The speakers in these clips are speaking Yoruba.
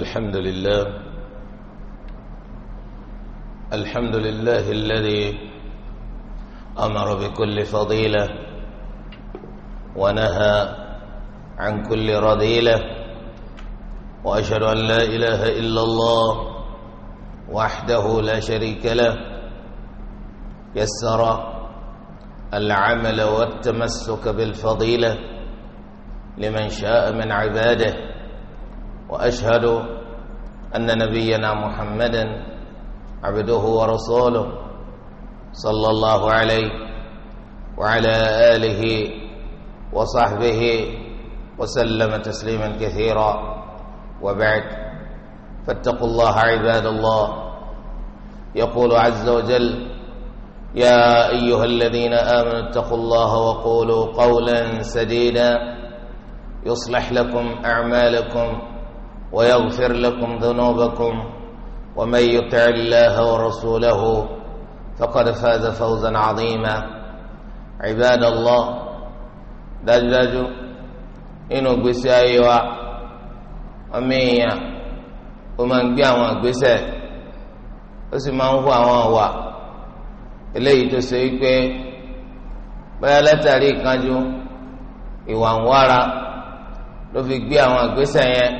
الحمد لله الحمد لله الذي أمر بكل فضيلة ونهى عن كل رذيلة وأشهد أن لا إله إلا الله وحده لا شريك له يسر العمل والتمسك بالفضيلة لمن شاء من عباده واشهد ان نبينا محمدا عبده ورسوله صلى الله عليه وعلى اله وصحبه وسلم تسليما كثيرا وبعد فاتقوا الله عباد الله يقول عز وجل يا ايها الذين امنوا اتقوا الله وقولوا قولا سديدا يصلح لكم اعمالكم ويغفر لكم ذنوبكم ومن يطع الله ورسوله فقد فاز فوزا عظيما عباد الله dájúdájú inú gbèsè ayé wa ọmọ èèyàn ó máa ń gbé àwọn àgbésẹ̀ ó sì máa ń hu àwọn àwà eléyìí tó ṣe wípé bóyá látàrí ìkánjú ìwà ń wára ló fi gbé àwọn àgbésẹ̀ yẹn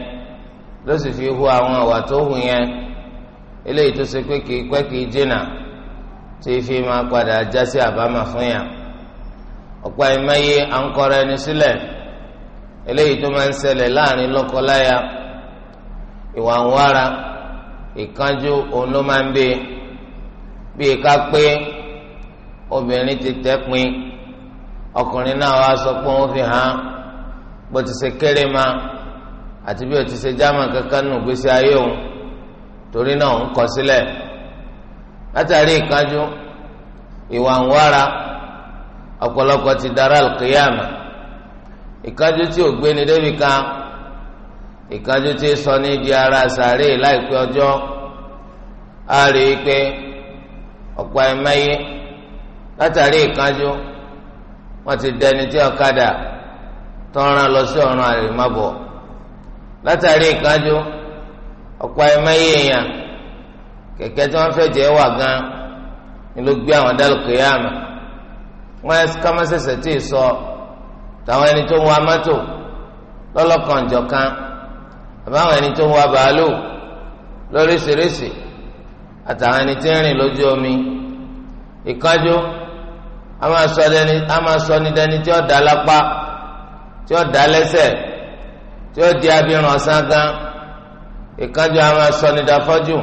ló sì fi hu àwọn àwà tó hù yẹn eléyìí tó ṣe pé kì í pẹ́ kì í tí fi máa padà já sí àbámà fún yà ọ̀pọ̀ ìmọ̀ye à ń sílẹ̀ eléyìí tó máa ń ṣẹlẹ̀ láàrin lọ́kọláya ìwà ń wára ìkánjú òun ló máa ń bí àti bí o ti ṣe jámà kankan nù gbèsè ayé òun torí náà ń kọ sílẹ̀ látàrí ìkánjú ìwà ń wára ọ̀pọ̀lọpọ̀ ti dára àlùkìyàmà ìkánjú tí ò gbéni débi kan ìkánjú tí sọ ní di ara sàárè láìpẹ́ ọjọ́ á rí i pé ọ̀pọ̀ ẹ̀mẹ́yé látàrí ìkánjú wọ́n ti dẹni tí ọ̀kadà tọ́ran lọ sí ọ̀run àrèmábọ̀. látàrí ìkájú ọ̀pọ̀ ẹ̀mẹ́yẹ èèyàn kẹ̀kẹ́ tí wọ́n fẹ́ jẹ́ wà gan ni ló gbé àwọn dálùkù yá àmà wọ́n ẹ ká má tí ì sọ tàwọn ẹni tó ń wa mọ́tò lọ́lọ́kanjọ̀kan àbáwọn ẹni tó ń wa bàálù lóríṣiríṣi àtàwọn ẹni tí ń rìn lójú omi ìkájú a máa sọ ní dání tí ó dá lápá tí ó dá lẹ́sẹ̀. tí ó di abirùn ọ̀sán gan ìkánjú a máa sọ ní dafọ́jú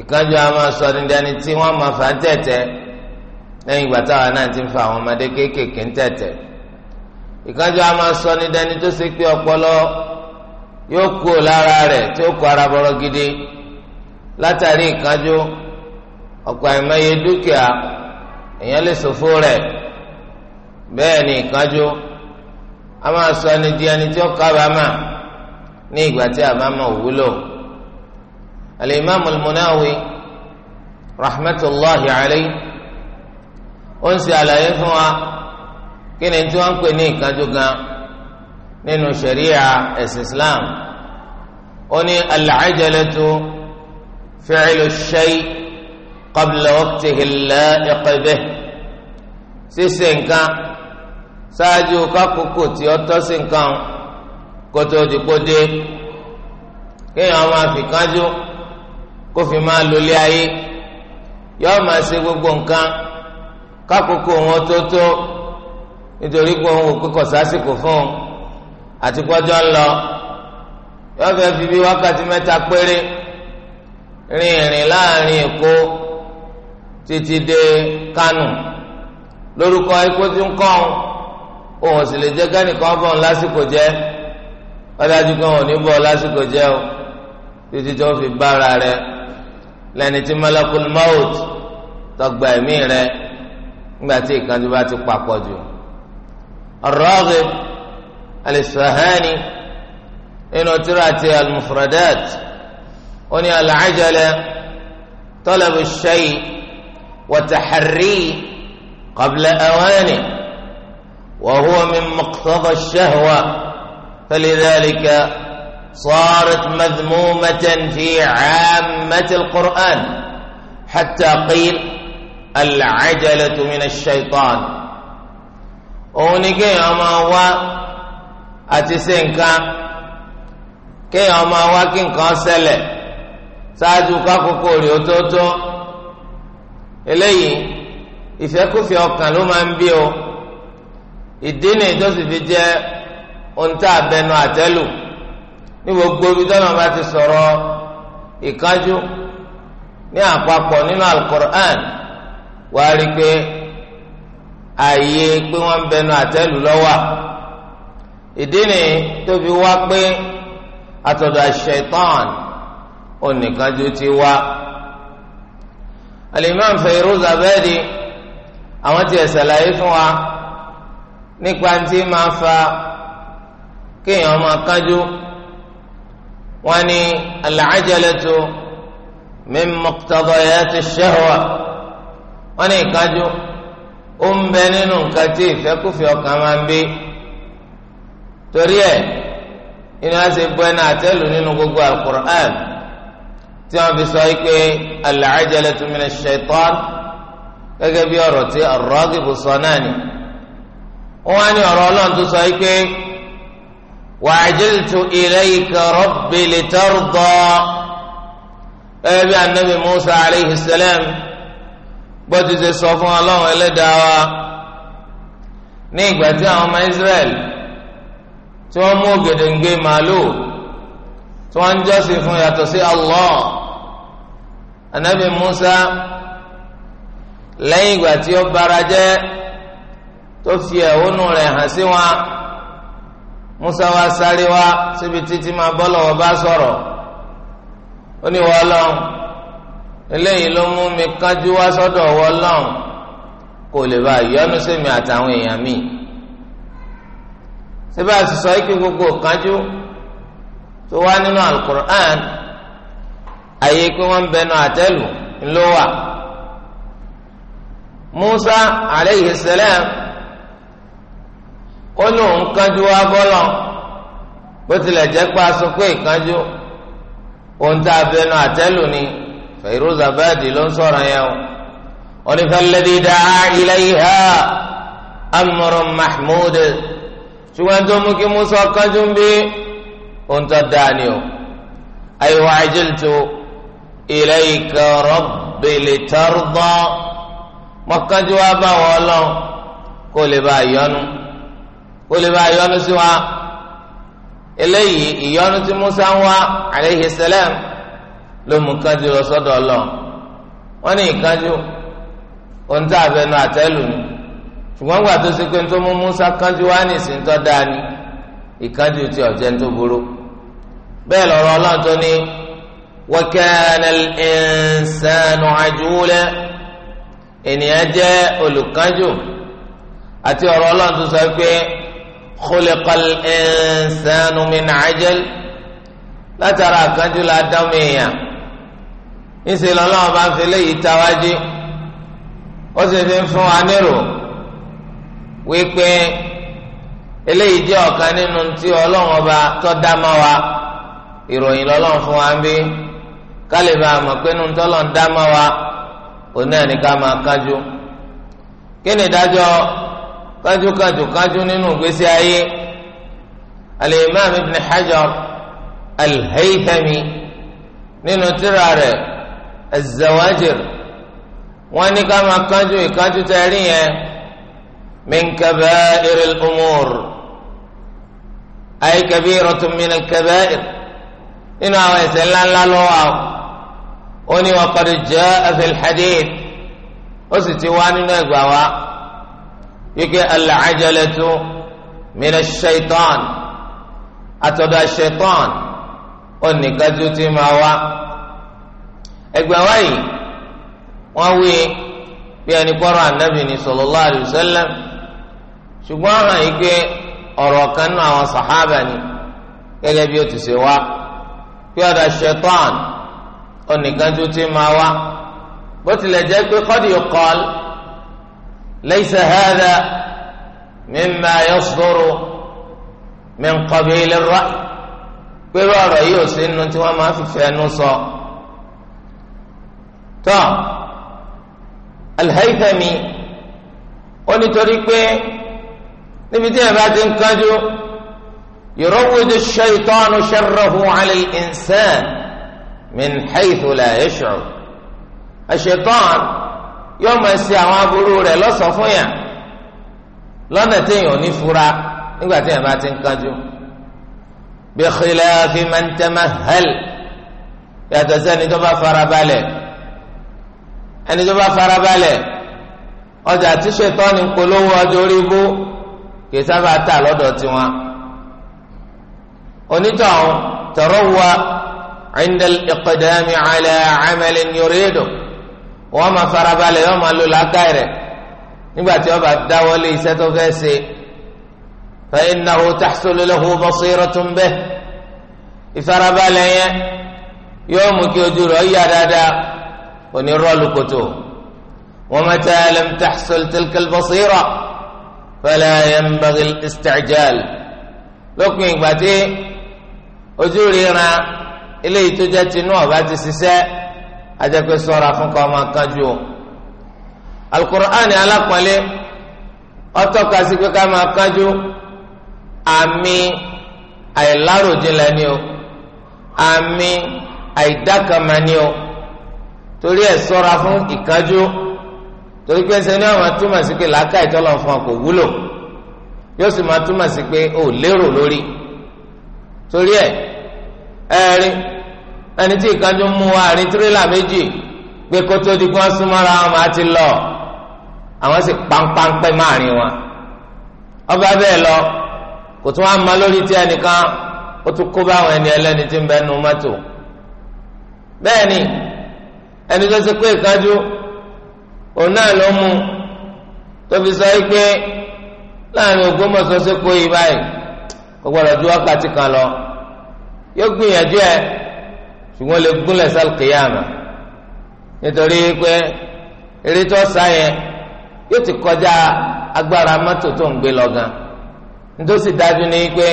ìkánjú a máa sọ ní dání tí wọ́n máa fà ń tẹ̀tẹ̀ lẹ́yìn ìgbà táwa náà ti ń fa àwọn ọmọdé kéékèèké ń tẹ̀tẹ̀ a máa sọ ní dání tó ṣe pé ọpọlọ yóò kú lára rẹ̀ tí ó látàrí ọ̀pọ̀ àìmọye dúkìá èèyàn lè a máa sọ ẹni di ẹni tí ó kábàámà ní ìgbà tí àbámọ̀ wúlò alimami al-Munawi rahmatulahi alayhi ó ń ṣe àlàyé fún wa kí ni tí wọ́n ń pè ní ìkánjú gan nínú sharia ẹ̀sìn islam ó ní al-ajalatu fi'lu shay qabla waqtihi al-la'iq bih ṣíṣe nǹkan ṣáájú kákòókò tí ó tọ́ sí nǹkan kótó dìpọ́dé kéèyàn máa fi kánjú kó fi máa lólé ayé yóò máa ṣe gbogbo nǹkan kákòókò wọn tó tó nítorí pé òun ò kíkọ̀ sásìkò fún un àti pọ́jọ́ ń fi bí wákàtí mẹ́ta péré rin ìrìn láàrin Èkó títí dé Kánò lórúkọ ikú tí ń kọ́ ọ́n òun sì lè jẹ́ kẹ́nìkan bọ̀ lásìkò jẹ́ ọ̀dájú kan ò ní bọ̀ lásìkò jẹ́ o títí tó fi bára rẹ lẹ́ni tí malakul maut tọgbà ẹ̀mí rẹ nígbà tí ìkánjú bá ti papọ̀ jù Ar-Raghib inú tírà ti al ó ní al-ajala talabu ash-shay' wa tahri qabla awani. وهو من مقتضى الشهوة فلذلك صارت مذمومة في عامة القرآن حتى قيل العجلة من الشيطان ونقي يوم هو أتسينك كي يوم هو كن قاسل ساجو كاكو كوري وتوتو إليه إذا كفي أوكا لما أنبيو ìdí ni ìjọsìn fi jẹ́ ohun tá a bẹnu àtẹ́lù ní gbogbo ibi tí wọn bá ti sọ̀rọ̀ ìkájú ní àpapọ̀ nínú alukur'an wà á rí i pé ààyè pé wọ́n ń bẹnu àtẹ́lù lọ́wọ́ ìdí ni wá pé àtọ̀dọ̀ àṣetán oníkanjú ti wá. alimami Fairuz Abẹ́ẹ̀dì àwọn ti ẹ̀ ṣàlàyé fún wa nípa tí máa fa kéèyàn máa kájú wọn ni al-ajalatu min muqtadayati ash-shahwa wọn ni ìkájú ó ń bẹ nínú nǹkan tí ìfẹ́kùfẹ́ ọkàn máa ń bí torí ẹ̀ inú wa ṣe bọ́ ẹni àtẹ́lù nínú gbogbo al tí wọ́n fi sọ pé al-ajalatu min ash-shaytan bí ọ̀rọ̀ tí ar-Raghibu sọ náà ni wọn á ní ọ̀rọ̀ Ọlọ́run tó sọ yìí pé wa'ajiltu ilayka rabbi litarda ẹbí anabi Musa aleyhi salam gbọ́dọ̀ ti sọ fún Ọlọ́run Ẹlẹ́dàá wa ní ìgbà tí àwọn ọmọ Israẹli tí wọ́n mú ògèdèǹgbè màálù tí wọ́n ń jọ́sìn fún yàtọ̀ sí Allah anabi Musa lẹ́yìn ìgbà tí ó bara jẹ́ tó fi ẹ̀hónú rẹ̀ hàn sí wọn musa wa sáré wá síbi títí máa bọ́ lọ́wọ́ bá sọ̀rọ̀ ó ní wọ́n lọ́n eléyìí ló mú mi kájú wá sọ́dọ̀ wọ́n lọ́n kò lè bá yọ́nú sẹ́mi àtàwọn èèyàn mi síbẹ̀ àṣìṣọ ike gbogbo kájú tó wá nínú alukur'an àyè pé wọ́n ń bẹnu àtẹ́lù ńlọ́wà musa aleyhi salam ó lóun kánjú wá bọ́lọ̀ bó tilẹ̀ jẹ́ pé aṣọ pé ìkánjú ohun tá a bẹnu àtẹ́lù ni Fairuz Abadi ló ń sọ̀rọ̀ yẹn o onífẹ́lẹ́dì dá ilayha amúrún mahmud ṣùgbọ́n tó mú kí musa kánjú bí ohun tó dáa ni o ayiwa ajiltu ilayka rabbi litarda mọ́kánjú wá bá wọ́n lọ kó lè bá yọnu. kó lè bá yọ́nú sí wa eléyìí ìyọ́nú tí Musa ń wá aleyhi salam ló mú kánjú lọ sọ́dọ̀ Ọlọ́run wọ́n ní ìkánjú ohun tá a ni ṣùgbọ́n gbà tó ṣe pé tó mú Musa kánjú wá ní ìsìn ni tí ọ̀jẹ̀ tó burú bẹ́ẹ̀ lọ́rọ̀ Ọlọ́run tó ní wa kana al ènìyàn jẹ́ olùkánjú àti ọ̀rọ̀ Ọlọ́run tó sọ pé. خلق الإنسان من عجل لا ترى كجل أدمية إنسان الله ما في لي تواجي وسيفين فوانيرو wípé eléyìí jẹ́ ọ̀kan nínú tí ọlọ́run ọba tó dá mọ́ wa ìròyìn lọ́lọ́run fún wa ń bí kálíbà àmọ̀ pé nínú tọ́lọ́run dá mọ́ wa òun náà ní ká máa kájú kí ni ìdájọ́ kájúkájúkájú nínú ìgbésí ayé al-Imam Ibn Hajar al-Haythami nínú tírà rẹ̀ az-Zawajir wọ́n ní ká máa kájú ìkájú tẹ rí yẹn min kaba'ir al-umur ay kabiratun min al-kaba'ir nínú àwọn ẹ̀ṣẹ̀ ńláńlá lọ́wọ́ àwọn ó ní wa qad ja'a fil hadith ó sì ti wá nínú ẹgbàá wa kíkẹ́ alàájẹlẹtu mìíràn ṣẹtọ́n àtọ̀dọ̀ ṣẹtọ́n oníkatú ti máa wá ẹgbẹ́ wáyé wọ́n wí bí ẹni kọ́rọ̀ ànábì ní sallallahu alaihi wasallam ṣùgbọ́n hàn yí pé ọ̀rọ̀ kan náà àwọn sàhábà ni gẹ́gẹ́ bí ó ti ṣe wá kí ọ̀dọ̀ ṣẹtọ́n oníkatú ti máa wá bó tilẹ̀ jẹ́ pé kọ́dí yóò kọ́ ọ́ ليس هذا مما يصدر من قبيل الرأي بلو رأيو سنة وما في فانوسا تا طيب. الهيثمي قولي تريكوه نبتين بعد انكاجو يروج الشيطان شره على الإنسان من حيث لا يشعر الشيطان yóò máa ṣe àwọn aburú rẹ̀ lọ́sàn-án fún yàn lọ́nà téèyàn ò ní fura nígbà téèyàn bá ti ń kánjú bí khilafi man tamahhal yàtọ̀ sí ẹni tó bá farabalẹ̀ ẹni tó bá farabalẹ̀ ọjà tí ṣètọ́ni polówó ọjọ́ orí bó kì í sábà tà lọ́dọ̀ tiwọn onítọ̀hún tọrọ wa 'inda al-iqdami 'ala 'amalin yuridu wọ́n máa farabalẹ̀ yọ́ máa lo làákàyè rẹ̀ nígbà tí wọ́n bá dáwọ́lé iṣẹ́ tó fẹ́ ṣe fa innahu tahsulu lahu basiratun bih ìfarabalẹ̀ yẹn yóò mú kí ojú rẹ̀ yá dáadáa òní rọ́ọ̀lù kòtò wa mata lam tahsul tilka al-basira fala yanbaghi al-isti'jal lópin ìgbà tí ojú ríran eléyìí tó jẹ́ tinú ọ̀bá ti ṣiṣẹ́ ajẹ́pẹ́ sọ́ra fún kọ́ máa kánjú o alukur'ani alápọ̀nlé ọtọ́ka sí pé ká máa kánjú àmì àìláròjinlẹ̀ ni o àmì àìdákàmà ni o torí ẹ̀ sọ́ra fún ìkánjú torí pé ṣe ni àwọn atúmọ̀ sí pé làákà ìtọ́lọ̀ fún ọ wúlò yóò sì máa túmọ̀ sí pé ò lérò lórí torí ẹ̀ ẹ̀rín ẹni tí ìkanjú mú wa àárín tírélà méjì pé kó tó di kó súnmọ́ra wọn máa ti lọ àwọn sì pánpánpẹ́ máàrin wọn ọba bẹ́ẹ̀ lọ kò tún wá ma lórí tí ẹnìkan ó tún kó báwọn ẹni ẹlẹ́ni tí ń bẹ nu mọ́tò bẹ́ẹ̀ ni ẹni tó ti pé ìkanjú òun náà ló mú tóbi sọ yìí pé láàrin Ògbómọ̀ṣọ́ sí kó yìí báyìí kò gbọ́dọ̀ ju wákàtí kan lọ yóò gbìyànjú ẹ. ṣùgbọ́n lè gúnlẹ̀ sálùkìyàmà nítorí pé eré tó sá yẹn yóò ti kọjá agbára mọ́tò tó ń gbé lọ gan nítòsí dájú ni pé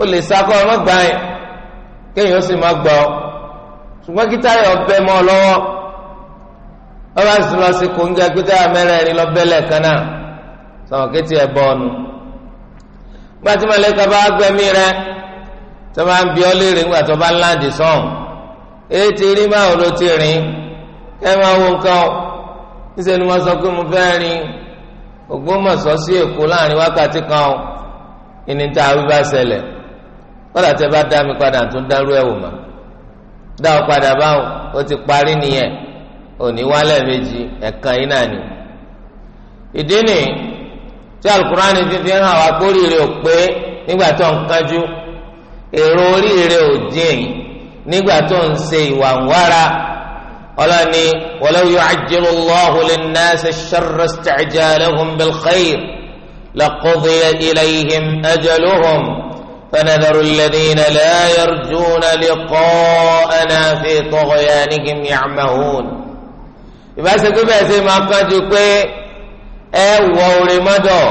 ó lè sákọ́ ọmọgbà yẹn kéèyàn ó sì má gbọ́ ṣùgbọ́n kí táyà ọbẹ̀ mọ́ ọ lọ́wọ́ sì lọ sí kóńgá pé táyà mẹ́rẹ̀ẹ̀rin lọ tó bá ń bi ọ́ léèrè ńgbà tó bá láǹdì sọ́ọ̀n èyí ti rí báwo ló ti rìn kẹ́ máa wo nǹkan níṣẹ́ ni wọ́n sọ pé mo fẹ́ rìn sí Èkó láàrin wákàtí kan ọ́ ìní tá a wí bá ṣẹlẹ̀ kọ́dà bá dá mi padà tó dárú ẹ̀ wò mà dá ọ padà báwo ó ti parí nìyẹn òní wálẹ̀ méjì ẹ̀kan náà ni ìdí nìyí tí alukurani fífi hàn wá kórìíre ò pé nígbà tó èrò orí rẹ ò dín nígbà tó ń ṣe ìwà ń wára ọlọ́ni walau yu'ajjilu Allahu linnasi ash-sharra ista'jalahum bil-khayr laqudhiya ilayhim ajaluhum fanadharu alladhina la yarjuna liqa'ana fi tughyanihim ya'mahun. ìbáṣepẹ́ bẹ́ẹ̀ ṣe máa ju pé ẹ wọ orí mọ́dọ̀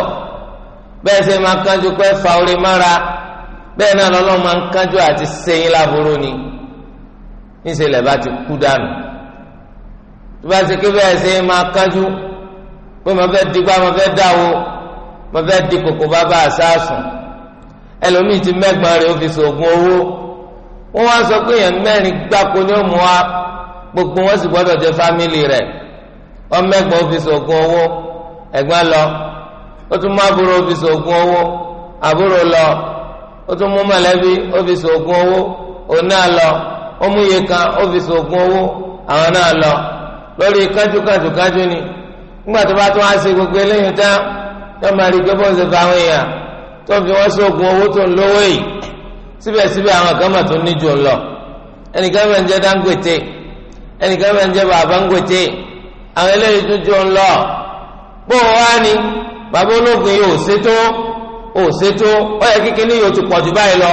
bẹ́ẹ̀ ṣe máa ju pé fa orí mọ́ra. bẹ́ẹ̀ náà lọ́lọ́run máa ń kánjú àti sẹ́yìn láboró ni níṣẹ́lẹ̀ bá ti kú dànù tó bá ti ké bẹ́ẹ̀ ṣe máa kánjú pé mo fẹ́ digbá mo fẹ́ dáwó mo fẹ́ di kòkò bàbá àṣàsùn ẹlòmíì ti mẹ́gbọ́n rẹ̀ ó fi ṣoògùn owó wọ́n wá sọ pé èèyàn mẹ́rin gbáko ni ó wa gbogbo wọn sì gbọ́dọ̀ jẹ́ fámìlì rẹ̀ wọ́n mẹ́gbọ́n ó fi ṣoògùn owó ẹ̀gbọ́n lọ ó tún mú àbúrò ó fi ṣoògùn owó àbúrò lọ. ó tún mú mọ̀lẹ́bí ó fi sògùn owó òun náà lọ ó mú iye kan ó fi sògùn owó àwọn náà lọ lórí ni nígbà tó bá tún wá sí gbogbo eléyìí tán tó máa rí gbogbo ṣe fa àwọn èèyàn tó fi wọ́n sògùn owó tó ń lówó yìí síbẹ̀síbẹ̀ àwọn kan mà tó lọ ẹnìkan ń jẹ́ ẹnìkan o ṣètò ó yẹ kíkín ní yóò pọ̀jù báyìí lọ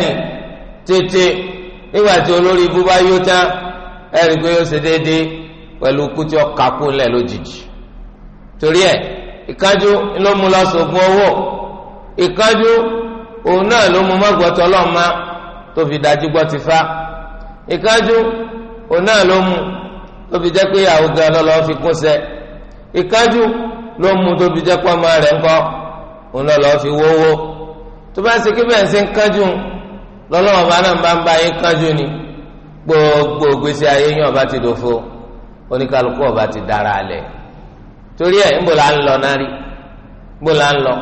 ni tètè nígbà tí olórí ibú bá yó tán ẹ pé ó ṣe déédéé pẹ̀lú kú tí ó lẹ̀ lójijì torí ẹ̀ ìkájú ló mú lọ sògùn owó ìkájú òun náà ló mú mọ́gbọ́tọ́ lọ́ọ̀ma tó fi ti fa ìkájú òun náà ló mú tó fi jẹ́ pé ìyàwó gan fi kún sẹ́ ìkájú ló mú tó òun náà fi wọwọ tó bá ń ṣe kí bẹ́ẹ̀ ń ṣe ń kánjú lọ́lọ́wọ́ bá náà bá ń bá yín kánjú ni gbogbo gbèsè ayé yín ọba ti dòfo oníkàlùkù ọba ti dára alẹ̀ torí ẹ̀ ńbò là ń lọ náà rí ńbò lọ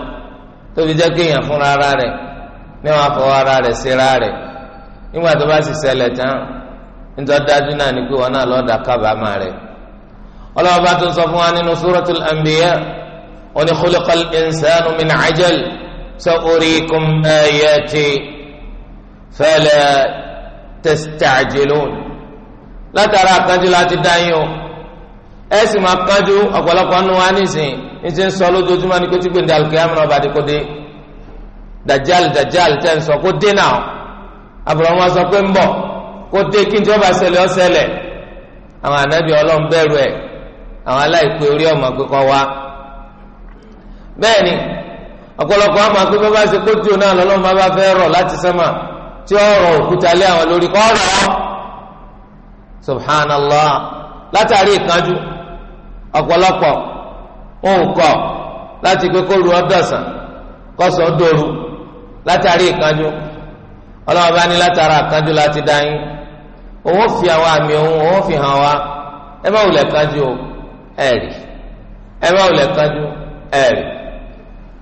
tóbi jẹ́ kéèyàn fúnra ara rẹ̀ ní afọ ara rẹ̀ síra rẹ̀ nígbà tó bá sì ṣẹlẹ̀ tán nítorí dájú náà ni pé wọn náà lọ́ọ́ dà kábàámà rẹ̀ ọlọ́wọ́ bá tó sọ fún wa nínú oni khulqal insanu min ajal sa'urikum ayati fala tasta'jilun látara àkànjú láti dá yín o ẹ sì máa kánjú ọ̀pọ̀lọpọ̀ nù wá nísìn ní ti ń sọ lójoojúmọ́ ní kó tí gbèndé alùkìyàmù náà bá dé kó dé dajal dajal tẹ́ ń sọ kó dé náà abúlọ́mọ sọ pé ń bọ̀ kó dé kí n tí wọ́n bá ṣẹlẹ̀ ó ṣẹlẹ̀ àwọn ànábì ọlọ́run bẹ̀rù ẹ̀ àwọn aláìpé orí ọmọ gbé wá. bẹ́ẹ̀ ni ọ̀pọ̀lọpọ̀ àmọ́ pé bá bá ṣe tí o náà lọ́lọ́run bá bá fẹ́ rọ̀ láti sẹ́mà tí ó rọ̀ òkúta lé àwọn lórí kọ́ rọ̀ subhanallah látàrí ìkanjú ọ̀pọ̀lọpọ̀ òǹkọ̀ láti pé kó ru látàrí ìkanjú bá ní látara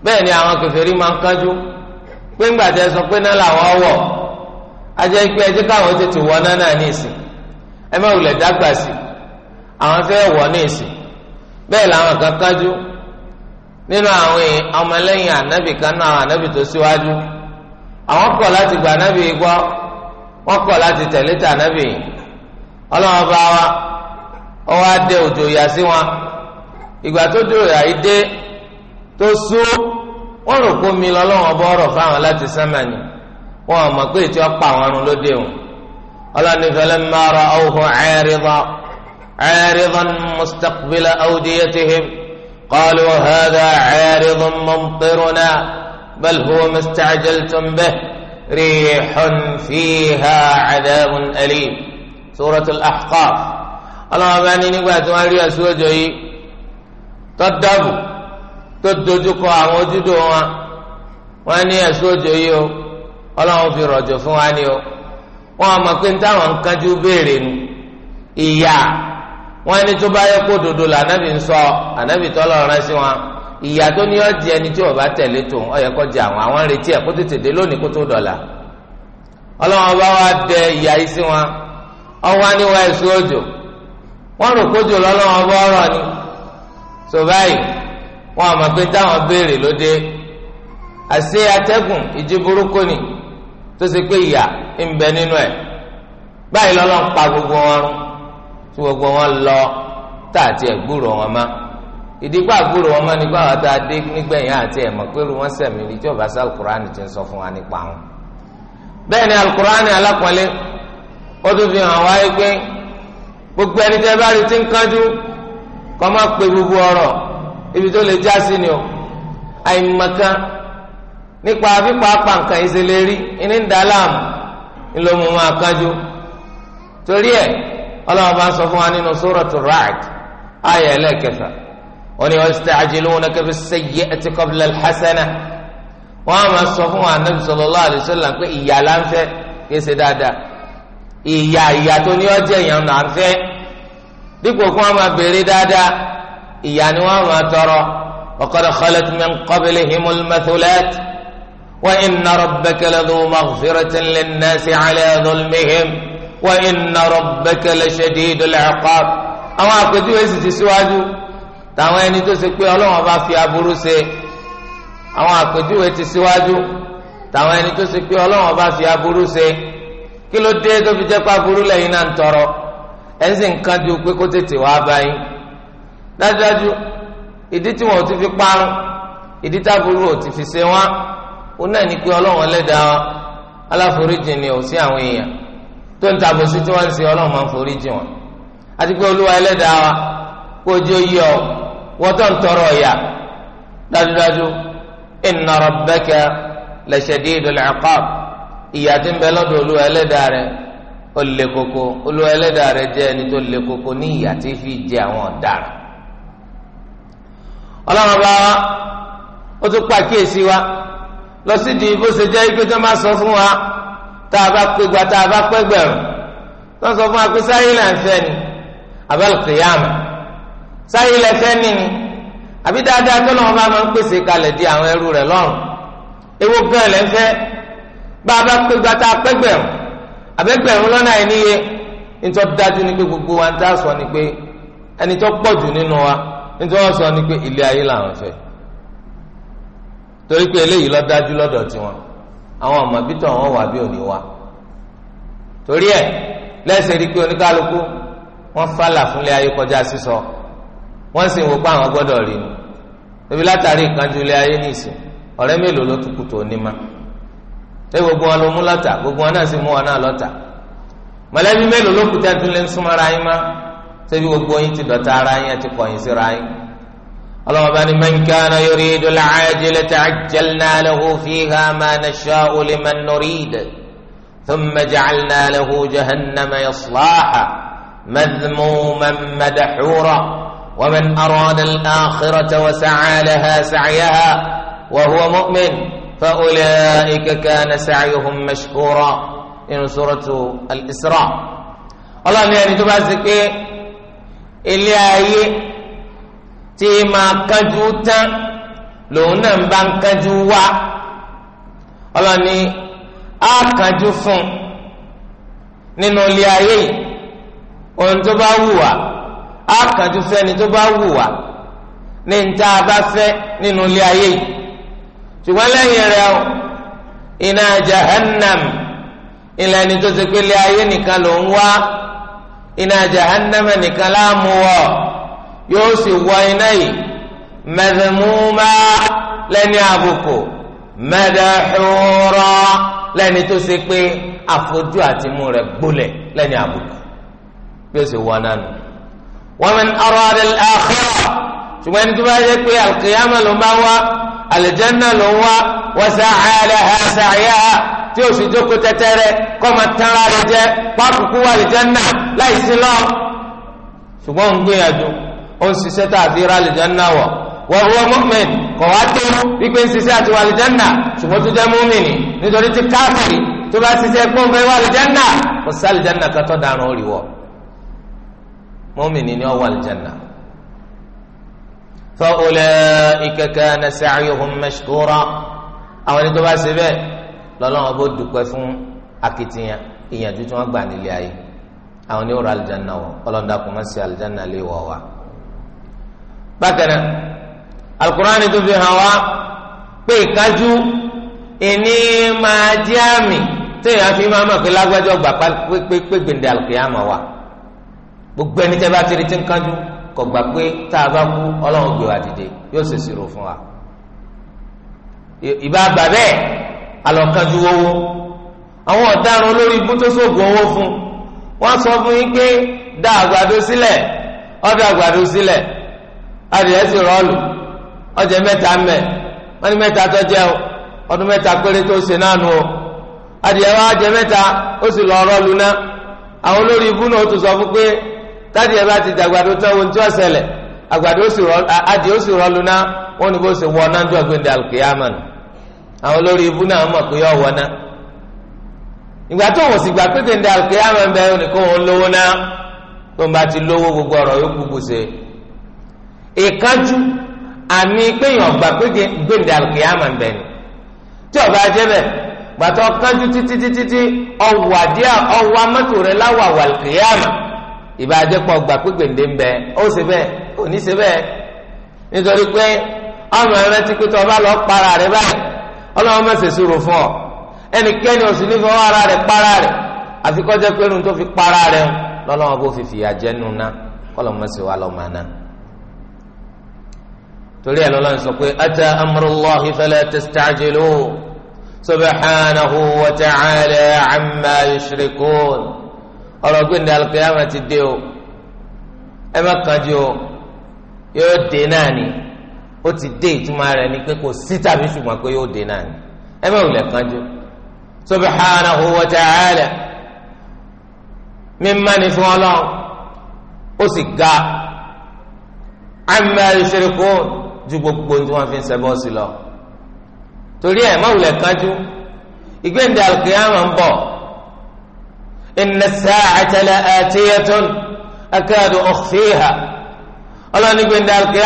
bẹ́ẹ̀ ni àwọn kèfèrí máa ń kájú pé ńgbà tẹ́ sọ pé náà làwọn wọ̀ ajẹ́ pé ẹjẹ́ káwọn tètè wọ náà náà ní ìsìn ẹ má wulẹ̀ dágbà sí àwọn fẹ́ wọ̀ ní ìsìn bẹ́ẹ̀ làwọn kan kájú nínú àwọn ọmọlẹ́yìn ànábì kan náà ànábì tó síwájú àwọn kọ̀ láti gba ànábì gbọ́ wọ́n kọ̀ láti tẹ̀lé tà ànábì yìí ọlọ́wọ́n bá wa ọwọ́ adé òjò yà sí wọn ìgbà tó dúró yà í dé. tó so wọn rò kó mi lọ́lọ́wọ́ bọ́ ọ̀rọ̀ fáwọn láti sẹ́mẹ̀nì wọn ò mọ̀ pé ètò ọ̀pá àwọn ọ̀run lóde o ọlọ́ni fẹlẹ́ máa rọ ọ̀hún ẹ̀rìndọ́ ẹ̀rìndọ́ mustaqbilẹ̀ awdiyatihim qalu hadha ẹ̀rìndọ́ mọ̀mpẹ́rọ̀nà bal huwa mustajaltum bih rihun fiha cadabun alim suratul nígbà tí wọ́n rí àsúwọ́jọ yìí tọ́ tó dojúkọ àwọn ojúdó wọn wọn ní ẹ̀sùn òjò yìí o ọlọ́run fi rọ̀jò fún wa ni o wọn mọ̀ pé ń táwọn ń béèrè nu ìyá wọn ní tó bá yẹ kó dodo là tọ́lọ̀ rán sí wọn ìyá tó ní ẹni tí tó yẹ jẹ àwọn àwọn retí ẹ̀ kó lónìí kó tó wa dẹ ìyá yìí wọn wọ́n wọn àmọ́ pé táwọn béèrè lóde àṣé atẹ́gùn ìjì burúkú ni tó ṣe pé ìyà ń bẹ nínú ẹ̀ báyìí lọ́lọ́ gbogbo wọn rún gbogbo wọn lọ tá wọn má ìdígbà gbúrò wọn má nígbà wọn tá a dé nígbẹ̀yìn àti pẹ̀lú wọn sẹ̀mí tí sàlùkùránì ti ń sọ fún wa nípa wọn. ni alukùránì alápọ̀nlé ó tún fi hàn wáyé pé gbogbo ẹni tẹ́ bá rí ti ń kánjú kọ́ má gbogbo ọ̀rọ̀ ibi tó le já ni o àìmọ̀kan nípa pípàápà nǹkan ìṣẹ̀lẹ̀ ní ń dá àkájọ torí ẹ̀ ọlọ́run bá ń sọ fún wa nínú sórọ̀tù Ra'd ayé ẹlẹ́kẹfà wọn ni yasta'jilunaka bis-sayyi'ati qabla al-hasanah wọn a máa sọ fún wa anabi sallallahu la ń kí n ṣe dáadáa tó ní dípò máa ìyà ni wọ́n máa tọrọ waqad khalat min qablihimul mathulat wa inna rabbaka ladhu maghfiratin linnasi ala dhulmihim wa inna rabbaka lashadidul iqab àwọn àpèjúwe sì ti síwájú táwọn ẹni tó ṣe pé ọlọ́wọ́n bá fi aburú ṣe àwọn àpèjúwe ti síwájú táwọn ẹni tó ṣe pé ọlọ́wọ́n bá fi aburú ṣe kí ló dé tó fi jẹ́ pé aburú lẹ́yìn náà ń tọrọ ẹ̀ ń sì ń kánjú pé kó tètè wá báyìí dájúdájú ìdí tí wọn ò ti fi parun ìdí táburú ò ti fi ṣe wọn ó náà ní pé ọlọ́run ẹlẹ́dàá wa aláforíjì ni ò sí àwọn èèyàn tó ń tàbọ̀ sí tí wọ́n ń ṣe ọlọ́run máa ń foríjì wọn àti pé olúwa ẹlẹ́dàá wa kó o jẹ́ oyè ọ wọ́n tó ń tọrọ ọ̀yà dájúdájú inna rabbaka la shadidul iqab ìyà tí ń bẹ lọ́dọ̀ olúwa ẹlẹ́dàá rẹ̀ ó olúwa ẹlẹ́dàá rẹ̀ jẹ́ ẹni tó le ní ìyà tí fi jẹ àwọn ọ̀daràn ọlọ́run bá wa ó tún pàkíyèsí wa lọ sí di bó ṣe jẹ́ ike tó máa sọ fún wa tá a bá pé gba tá a bá pẹ́ gbẹ̀rún tó ń sọ fún wa pé sáyé là ń fẹ́ ni abẹ́lẹ̀ kìyàmù sáyé fẹ́ ni ni àbí dáadáa tó lọ́wọ́ bá máa ń pèsè kalẹ̀ di àwọn ẹrú rẹ̀ lọ́rùn ewu gan lẹ́ ń fẹ́ bá a bá pé gba tá a pẹ́ gbẹ̀rún àbẹ́gbẹ̀rún lọ́nà àìníye nítorí dájú ni pé gbogbo wa ń tà sọ ni pé ẹni tó pọ̀ jù nínú wa nítorí wọ́n sọ ni pé ilé ayé làwọn fẹ́ torí pé eléyìí lọ dájú lọ́dọ̀ tiwọn àwọn ọmọ bítọ wọn wà bí òní wa torí ẹ̀ lẹsẹ rí pé oníkálukú wọ́n fàlà fúnlé ayé kọjá sísọ wọ́n sì ń wo pé àwọn gbọ́dọ̀ rí ni ebi látàrí ìkánjú ilé ayé nìsín ọ̀rẹ́ mélòó ló tukù tó ní ma ṣé gbogbo wọn ló mú lọ́tà gbogbo wọn náà sì mú wọn náà lọ́tà mọ̀lẹ́bí mélòó ló kù tẹtún lé ń súnmọ́ra yín má ṣebí gbogbo yín ti dọ̀tá ara yín àti si ra yín. ọlọ́wọ́ bá ní yori do man kana yuridu al-ajilata ajjalna lahu fiha ma nasha'u liman nurid ma ja'alna lahu jahannama yaslaha madhmuman madhura waman arada al-akhirata wa sa'a laha sa'yaha wa huwa mu'min fa ulaika kana sa'yuhum mashkura inú suratu al-Isra ọlọ́ni ẹni tó bá ti ilé ayé tí máa kánjú tán lòun náà bá ń kánjú wá ọlọ́ni á kánjú fún nínú ilé ayé yìí ohun tó bá wù wá á kánjú fẹ́ni tó bá wù wá ní níta bá fẹ́ nínú ilé ayé yìí ṣùgbọ́n lẹ́yìn rẹ̀ o iná jahannam ilẹ̀ ẹni tó ti pélé ayé nìkan lòun wá. iná jahannama nìkan láàmú wọ yóò sì wọ iná yìí mẹdàmúmá lẹni àbùkù mẹdàhúrọ lẹni tó ṣe pé àfojú àti imú rẹ̀ gbólẹ̀ lẹni àbùkù yóò sì wọ nánu. wa man arada al-akhirah ṣùgbọ́n ẹni tó bá yẹ pé al ló máa wá alìjẹ́nà ló wá wa sa'a laha sa'yaha tí o sì jókòó tẹ́tẹ́rẹ́ kọ́ máa tán ara pápákú wà alìjẹ́nà láì sí lọ ṣùgbọ́n ń gbìyànjú ó ń ṣiṣẹ́ tá a fi ra àlìjáná wọ̀ wọ́n wọ́n mọ́mìn kọ̀ wá tó wípé ń ṣiṣẹ́ àti wà àlìjáná ṣùgbọ́n tó jẹ́ mọ́mìn nítorí ti káfíìrì tó bá ṣiṣẹ́ pọ́n fẹ́ wà àlìjáná kò sí àlìjáná kan tó dànù ó wọ̀ mọ́mìn ni ó wà àlìjáná. فأولئك كان سعيهم مشكورا àwọn ẹni tó bá ṣe bẹ́ẹ̀ lọ́lọ́run àwọn ní ó ra alìjáná wọ ọlọ́dà kò má sí alìjáná lè wọ̀ wá. bákan náà alukur'ani tó fi hàn wá pé ìkájú ìní máa jẹ́ àmì téèyàn fi máa mọ̀ pé lágbájọ́ gbà pé gbèǹde alùkìyàmọ̀ wà gbogbo ẹni tẹ́ bá ti rí ti ń kájú kò gbà pé tá a bá kú ọlọ́run gbé wa dìde yóò ṣèṣì rò fún wa. ìbá gbà bẹ́ẹ̀ alọ́kanjú owó àwọn ọ̀daràn olórí ibú sóògùn owó fún un wọ́n sọ fún yín pé dá àgbàdo sílẹ̀ wọ́n fi àgbàdo sílẹ̀ adìyẹ sì rọ́ọ̀lù ọjọ́ mẹ́ta mẹ́ wọ́n ní mẹ́ta tó jẹ́ ọdún mẹ́ta péré tó ṣe náà nù o adìyẹ wa jẹ mẹ́ta ó sì lọ rọ́ọ̀lù náà àwọn olórí ibú náà ó tún sọ fún pé tádìyẹ bá ti dàgbàdo ohun tí àgbàdo ó sì adìyẹ ó sì náà bó ṣe wọ náà ìgbà tó wò sí gbà pé tèǹdé àlùkìyámà ń bẹ nìkan òun lówó náà tó ń bá ti lówó gbogbo ọ̀rọ̀ yóò gbogbo ṣe ìkájú àmì péyàn gbà pé tèǹdé bẹ ni tí ọba jẹ bẹ gbàtọ kánjú títí títí tí ọwọ àdíà ọwọ wa rẹ láwà wà àlùkìyámà ìbàjẹ́ pọ̀ gbà pé tèǹdé ń bẹ ó ṣe bẹ kò ní ṣe bẹ́ẹ̀ nítorí pé ọmọ rẹ ti pé tó ọba lọ para rẹ báyìí ẹnikẹ́ni ò sì ní fọwọ́ ara rẹ̀ para rẹ̀ àfi kọjá pé tó fi para rẹ̀ lọ́lọ́wọ́ bó fi fìyà jẹ́ nu ná kọ́lọ́mọ́sí wa máa ná torí ẹ lọ́lọ́run sọ pé ata amúrúláhi fẹlẹ́ tẹ̀sítàjìlú subhanahu wa ta'ala amma yushrikun ọ̀rọ̀ gbẹ̀ndẹ̀ alùpùpù ti dé o ẹ má o yóò dé náà ti dé ìtumọ̀ ni pé kò sí tàbí ṣùgbọ́n pé yóò dé náà ni ẹ subhanahu wa ta'ala mímá ni fún ọlọ́run o si ga amma yushrikun ju gbogbo tí wọ́n fi ń ṣẹbọ lọ torí ẹ̀ má wulẹ̀ kánjú ìgbéǹde alqiyama ń bọ̀ inna as-sa'ata la'atiyatun akadu ukhfiha ọlọ́run ìgbéǹde ń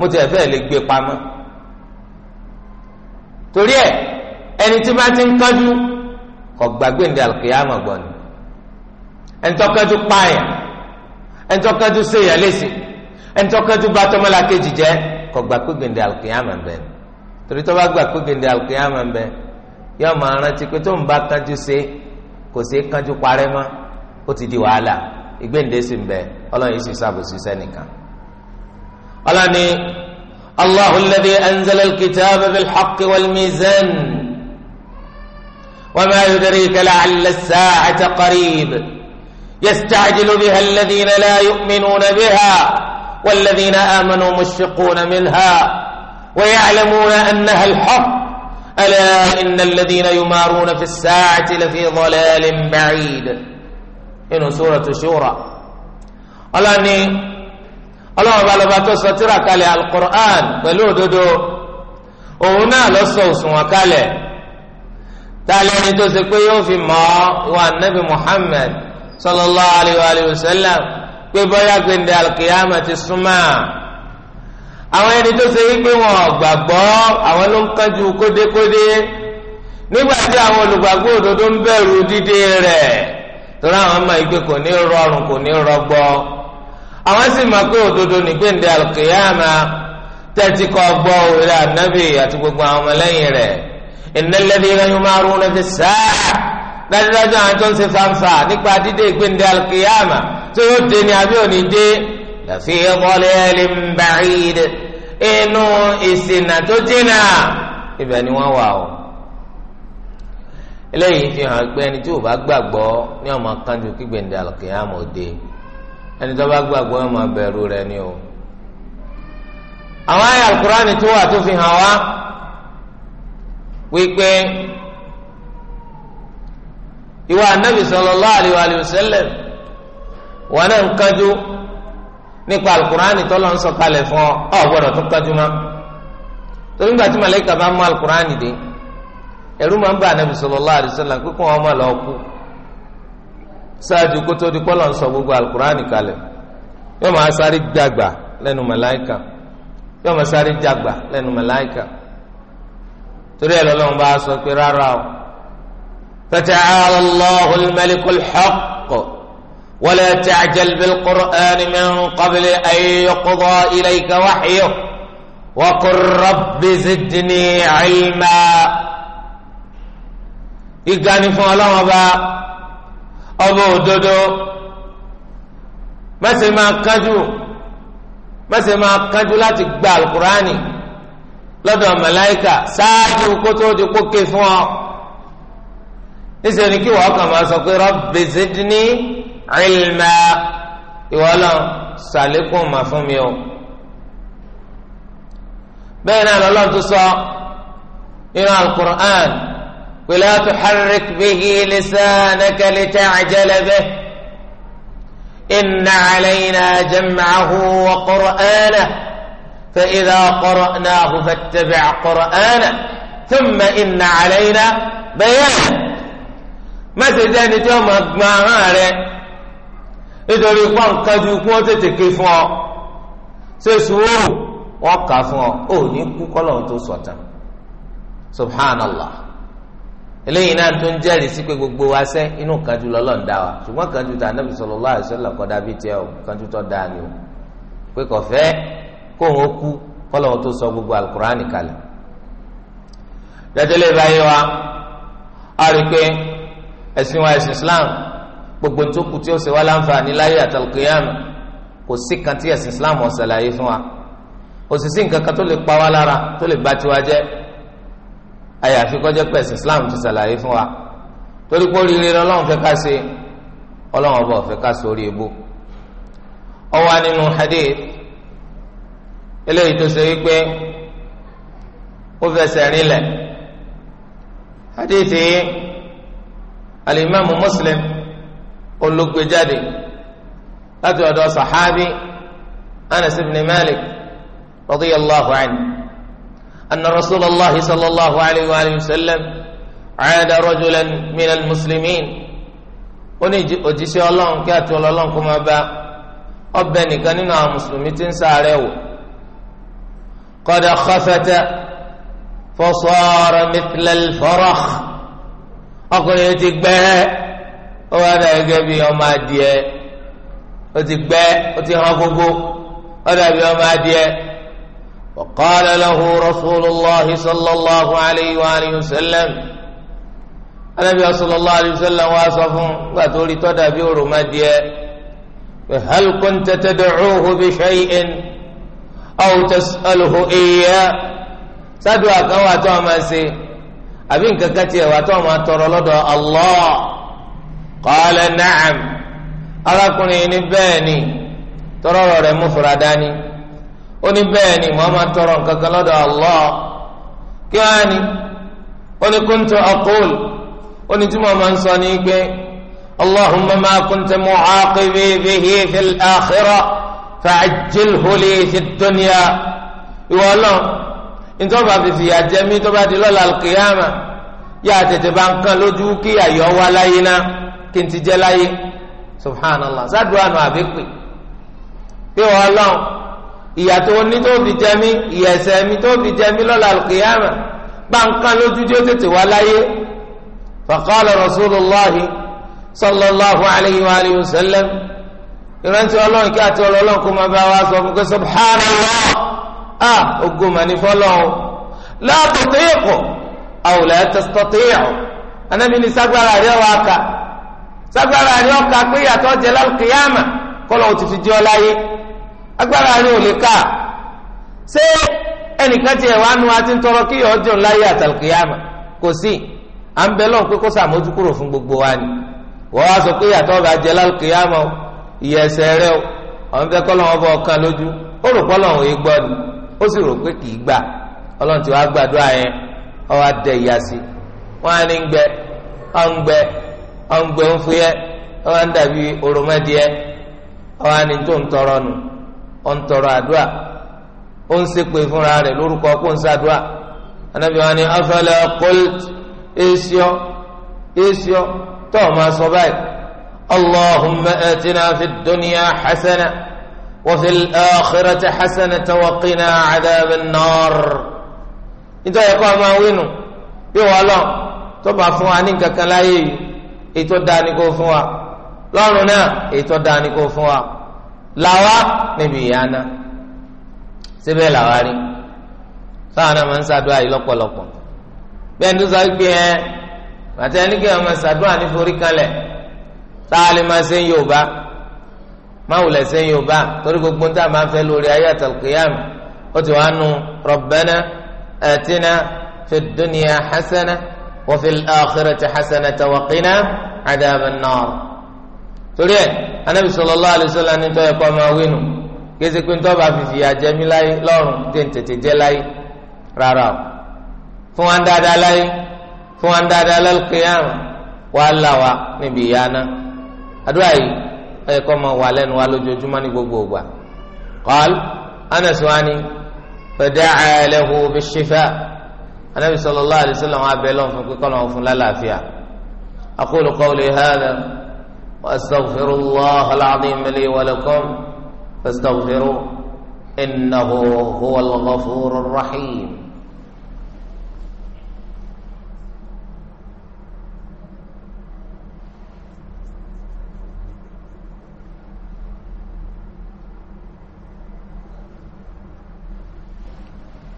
mo ti lè gbé torí ẹni tí bá ti ń kájú kò gbàgbé ní alùkìyàmà gbọ́ ni ẹni tó kájú pààyàn ẹni tó kájú séèyàn lẹ́sìn ẹni tó kájú bá tọ́mọ́lá kejì jẹ́ kò gbàgbé gbèndé alùkìyàmà ń bẹ torí tó bá gbàgbé gbèndé alùkìyàmà ń bẹ yóò máa rántí pé tó ń bá kájú ṣe kò sí kájú parẹ́ mọ́ ó ti di wàhálà ìgbéǹde sì ń bẹ ọlọ́run yìí sì sábòsí الله الذي أنزل الكتاب بالحق والميزان وما يدريك لعل الساعة قريب يستعجل بها الذين لا يؤمنون بها والذين آمنوا مشفقون منها ويعلمون أنها الحق ألا إن الذين يمارون في الساعة لفي ضلال بعيد إن سورة شورى ألاني الله بالباتو سترك على القرآن ولو دو دو lọ لصوص òsùn tàlẹ́ni tó ṣe pé yóò fi mọ̀ ọ́ wa nabi muhammed sallallahu alayhi wa alayhi wa sallam pé bóyá gbẹ̀ndẹ̀ alkiyama ti súnmọ́ àwọn ẹni tó ṣe wípé wọn gbàgbọ́ àwọn ló ń kánjú kódékódé nígbà tí àwọn olùgbàgbọ́ òdodo ń bẹ̀rù dídé rẹ̀ torí àwọn ọmọ ìgbé kò ní rọrùn kò ní rọgbọ àwọn sì mọ̀ pé òdodo ní gbẹ̀ndẹ̀ alkiyama tẹ́tí kọ́ gbọ́ òwe ànábì àti gbogbo àwọn ọmọlẹ́yìn rẹ̀ innal ladhina yumaruna bis-sa'a dájúdájú àwọn tó ń ṣe fàǹfà nípa dídé ìgbéǹde alkiyama tó yóò dé ní abẹ́ òní dé lọ́sí dhalalin ba'id inú ìsìnà tó jìnnà ibẹ̀ ni wọ́n wà o eléyìí fi hàn pé ẹni tí ò bá gbàgbọ́ ní ọmọ kanjú kígbèǹde àlùkìyàmù òde ẹni tó bá gbàgbọ́ ọmọ bẹ̀rù rẹ̀ ni o. àwọn àyà alukurani tó wà tó fi hàn wá wípé ìwà anabi sallallahu alayhi wa sallam wọn náà ń kájú nípa alukur'ani tọ́lọ́ ń sọ̀kalẹ̀ fún ọ ọ tó kájú mọ́ torí nígbà tí malayika bá mú alukur'ani dé ẹ̀rú máa ń bá anabi sallallahu wọn máa lọ kú sáájú kótó di kọlọ ń sọ gbogbo alukur'ani máa sáré malayika máa sáré torí ẹ lọ́lọ́run bá sọ pé rárá o fata'ala Allahul malikul haqq wala ta'jal bil qur'ani min qabli an yuqda ilayka wahyuh wa qur rabbi zidni ilma ìgbani fún ọlọ́run ọba ọba òdodo má máa kánjú má máa kánjú láti gba alukurani lọ́dọ̀ màláìkà ṣáájú kó tó di kó ké fún ọ níṣẹ́ ni kí wọ́n kàn máa sọ pé rabbi zidni ilma ìwọ lọ sàlékún mà fún mi o bẹ́ẹ̀ náà lọ́lọ́run tó sọ nínú alukur'an pé la tuharrik bihi lisanaka lita'jala bihi. إن علينا جمعه وقرآنه فإذا قرأناه فاتبع قرآنه ثم إن علينا بيانه má ṣe jẹ́ ẹni tí ó máa gbọ́n ahọ́n rẹ nítorí pọ́n kájú kí wọ́n tètè ké fún ọ ṣe sùúrù wọ́n kà fún ọ ò ní kú kọ́lọ̀ tó sọ̀tàn subhanallah eléyìí náà tó ń jẹ́rìí sí pé gbogbo wa sẹ́ inú kájú lọ́lọ́ ń dá wa ṣùgbọ́n kájú tá anábì sallallahu alaihi wasallam kọ́ dábìí tiẹ̀ o kájú tó dáa ni o pé kò fẹ́ẹ́. kó wọn kú kọlọ́wọ́n tó sọ gbogbo alukur'ani kalẹ̀ jẹjẹrẹ ìbáyé wa a rí i pé ẹ̀sìn wa ẹ̀sìn Islam gbogbo tó kù tí ó ṣe wá láǹfààní láyé kò sí Islam fún wa nǹkan kan tó lè pa wá lára tó lè tiwa jẹ́ àyàfi Islam ti ṣàlàyé fún wa torí pé oríire ọlọ́run eléyìí tó ṣe wípé ó fẹsẹ̀ rinlẹ̀ hadithi alimami muslim olùgbèjáde láti ọ̀dọ̀ sahabi anas ibn malik radiyallahu anhu anna rasulallah sallallahu alayhi wa sallam caada rajulan min almuslimin ó ní òjíṣẹ́ ọlọ́run kí àti ọlọ́run kó máa bá ọbẹ̀ nìkan nínú àwọn mùsùlùmí tí ń sáré wò. قد خفت فصار مثل الفرخ ọkùnrin ti gbẹ ó wà dà gẹ́gẹ́ bí ọmọ adìẹ ó وقال له رسول الله صلى الله عليه وآله وسلم النبي صلى الله عليه وسلم وصفه وتولي تدابير مديه هل كنت تدعوه بشيء aw tas'aluhu iyya sadu akan wa tó a máa ṣe àbí nǹkan kan tiẹ̀ wa tó a máa tọrọ lọ́dọ̀ Allah qala na'am arákùnrin ní bẹ́ẹ̀ ni tọrọ rẹ̀ mú fura dání ó ní bẹ́ẹ̀ ni mo máa tọrọ nǹkan kan Allah kí wàá kuntu aqul ó ní tí mo máa Allahumma ma kunta mu'aqibi bihi fil akhirah fàájìlhó lè ṣe dọ́níà ìwọ ọlọ́run nítorí bàbá fi ìyà jẹ mí tó bá di lọ́la kìyàmà yá tètè bá ń kán lójú kí àyọ̀ wá láyé náà kí n ti jẹ́ láyé subhanallah sádùá nù àbíkpé ìwọ ọlọ́run ìyà tó ní tó fi jẹ mí ìyà ẹ̀ṣẹ̀ mi tó fi jẹ lọ́la kìyàmà bá ń kán lójú tí ó tètè wá láyé faqala rasulullahi sallallahu alayhi wa sallam. ìrántí ọlọ́run kí àti ọlọ́run kó máa bá wa sọ fún pé subhanallah a ogun mà ní fọlọ́run láàbùtẹ́ ẹ̀kọ́ àwòlẹ́ tẹ́tọ́tẹ́ ẹ̀kọ́ anábì ní sagbara rẹ̀ wá sagbara rẹ̀ ọ̀ka pé yàtọ̀ jẹ́ lálùkìyàmà òtún fi jẹ́ ọ láyé agbára ò lè ká ṣé ẹnìkan nu àti ń tọrọ kí láyé àtàlùkìyàmà kò sí à ń bẹ pé kó fún gbogbo wa ni wọ́n wá sọ ìyẹ ẹsẹ̀ rẹ o ọ̀n fẹ́ kọ́lọ́wọ́ bọ ọ̀kan lójú ó rò kọ́lọ́wọ́ yìí gbọ́ ni ó sì rò yẹn ọ wá dẹ ìyá sí wọ́n á ní gbẹ ọ̀ngbẹ ọ̀ngbẹ ń fi yẹ ọ ń dàbí òròmọdìẹ ọ ní tó ọ ń tọrọ àdúrà ó ń fúnra lórúkọ kó ń afẹlẹ ma sọ báyìí اللهم آتنا في الدنيا حسنة وفي الآخرة حسنة وقنا عذاب النار إذا يقع ما وينو يو الله تبع فوانين كلاي إتو دانيكو فوا لوننا إتو داني كوفوا لوا نبيانا síbẹ̀ làwa rí sáwọn ọmọ nsàdúrà yìí lọ́pọ̀lọpọ̀ bẹ́ẹ̀ ní sọ pé ẹ màtẹ́ ní kí ọmọ nsàdúrà táàlì máa ṣe ń yorùbá máa wùlẹ̀ ṣe ń yorùbá torí gbogbo tá a máa ń fẹ́ lórí ayé àtàlùkìyàm ó ti wàá nu rabbana atina fi dunya hasana wa fil akhirati hasana tawaqina adhaban nar. torí ẹ anabi sallallahu alaihi wasallam ní tọ́yẹ kọ́ máa wínú kése pé ntọ́ bá fìfì àjẹmí láyé lọ́rùn tẹ̀ ń tètè jẹ́ láyé rárá o fún wa ń dáadáa láyé fún wa ń dáadáa lálùkìyàm wàá là wa níbi ìyá náà àdúrà yìí ó yẹ kó máa wà lẹ́nu wa lójoojúmọ́ ní gbogbo ìgbà qal Anas wani fada'a lahu bish-shifa anabi sallallahu alayhi wa sallam abẹ́ lọ́n fún kíkọ́ lọ́n fún lálàáfíà aqulu qawli hadha wa astaghfirullaha al-azim li wa lakum rahim.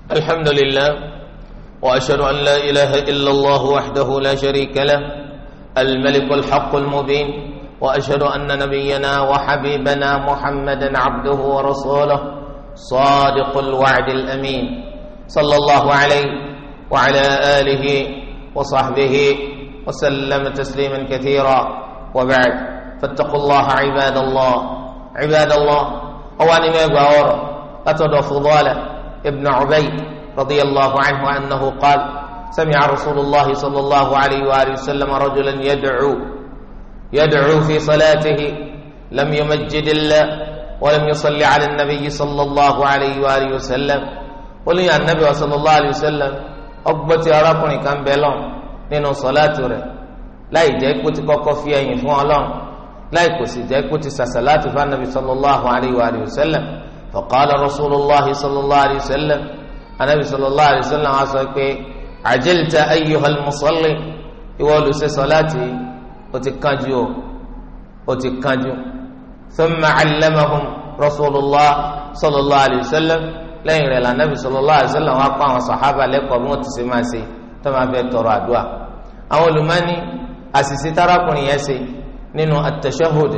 الحمد لله وأشهد أن لا إله إلا الله وحده لا شريك له الملك الحق المبين وأشهد أن نبينا وحبيبنا محمدا عبده ورسوله صادق الوعد الأمين صلى الله عليه وعلى آله وصحبه وسلم تسليما كثيرا وبعد فاتقوا الله عباد الله عباد الله أواني ما يقعور أتدى فضاله ابن عبيد رضي الله عنه أنه قال سمع رسول الله صلى الله عليه وآله وسلم رجلا يدعو يدعو في صلاته لم يمجد الله ولم يصلي على النبي صلى الله عليه وآله وسلم ولي النبي صلى الله عليه وسلم أقبت أراكني كان بلون nínú صلاته لا láì jẹ́ kó ti kọ́kọ́ fi ẹ̀yìn fún Ọlọ́run láì kò sì jẹ́ kó ti فقال رسول الله صلى الله عليه وسلم النبي صلى الله عليه وسلم عصاك عجلت أيها المصلي يقول صلاتي وتكاجو وتكاجو ثم علمهم رسول الله صلى الله عليه وسلم لين رأى النبي صلى الله عليه وسلم وقع وصحابة لقوا بموت سماسي تما بيتورا دوا أول ماني أسيسي تراكني يسي نينو التشهد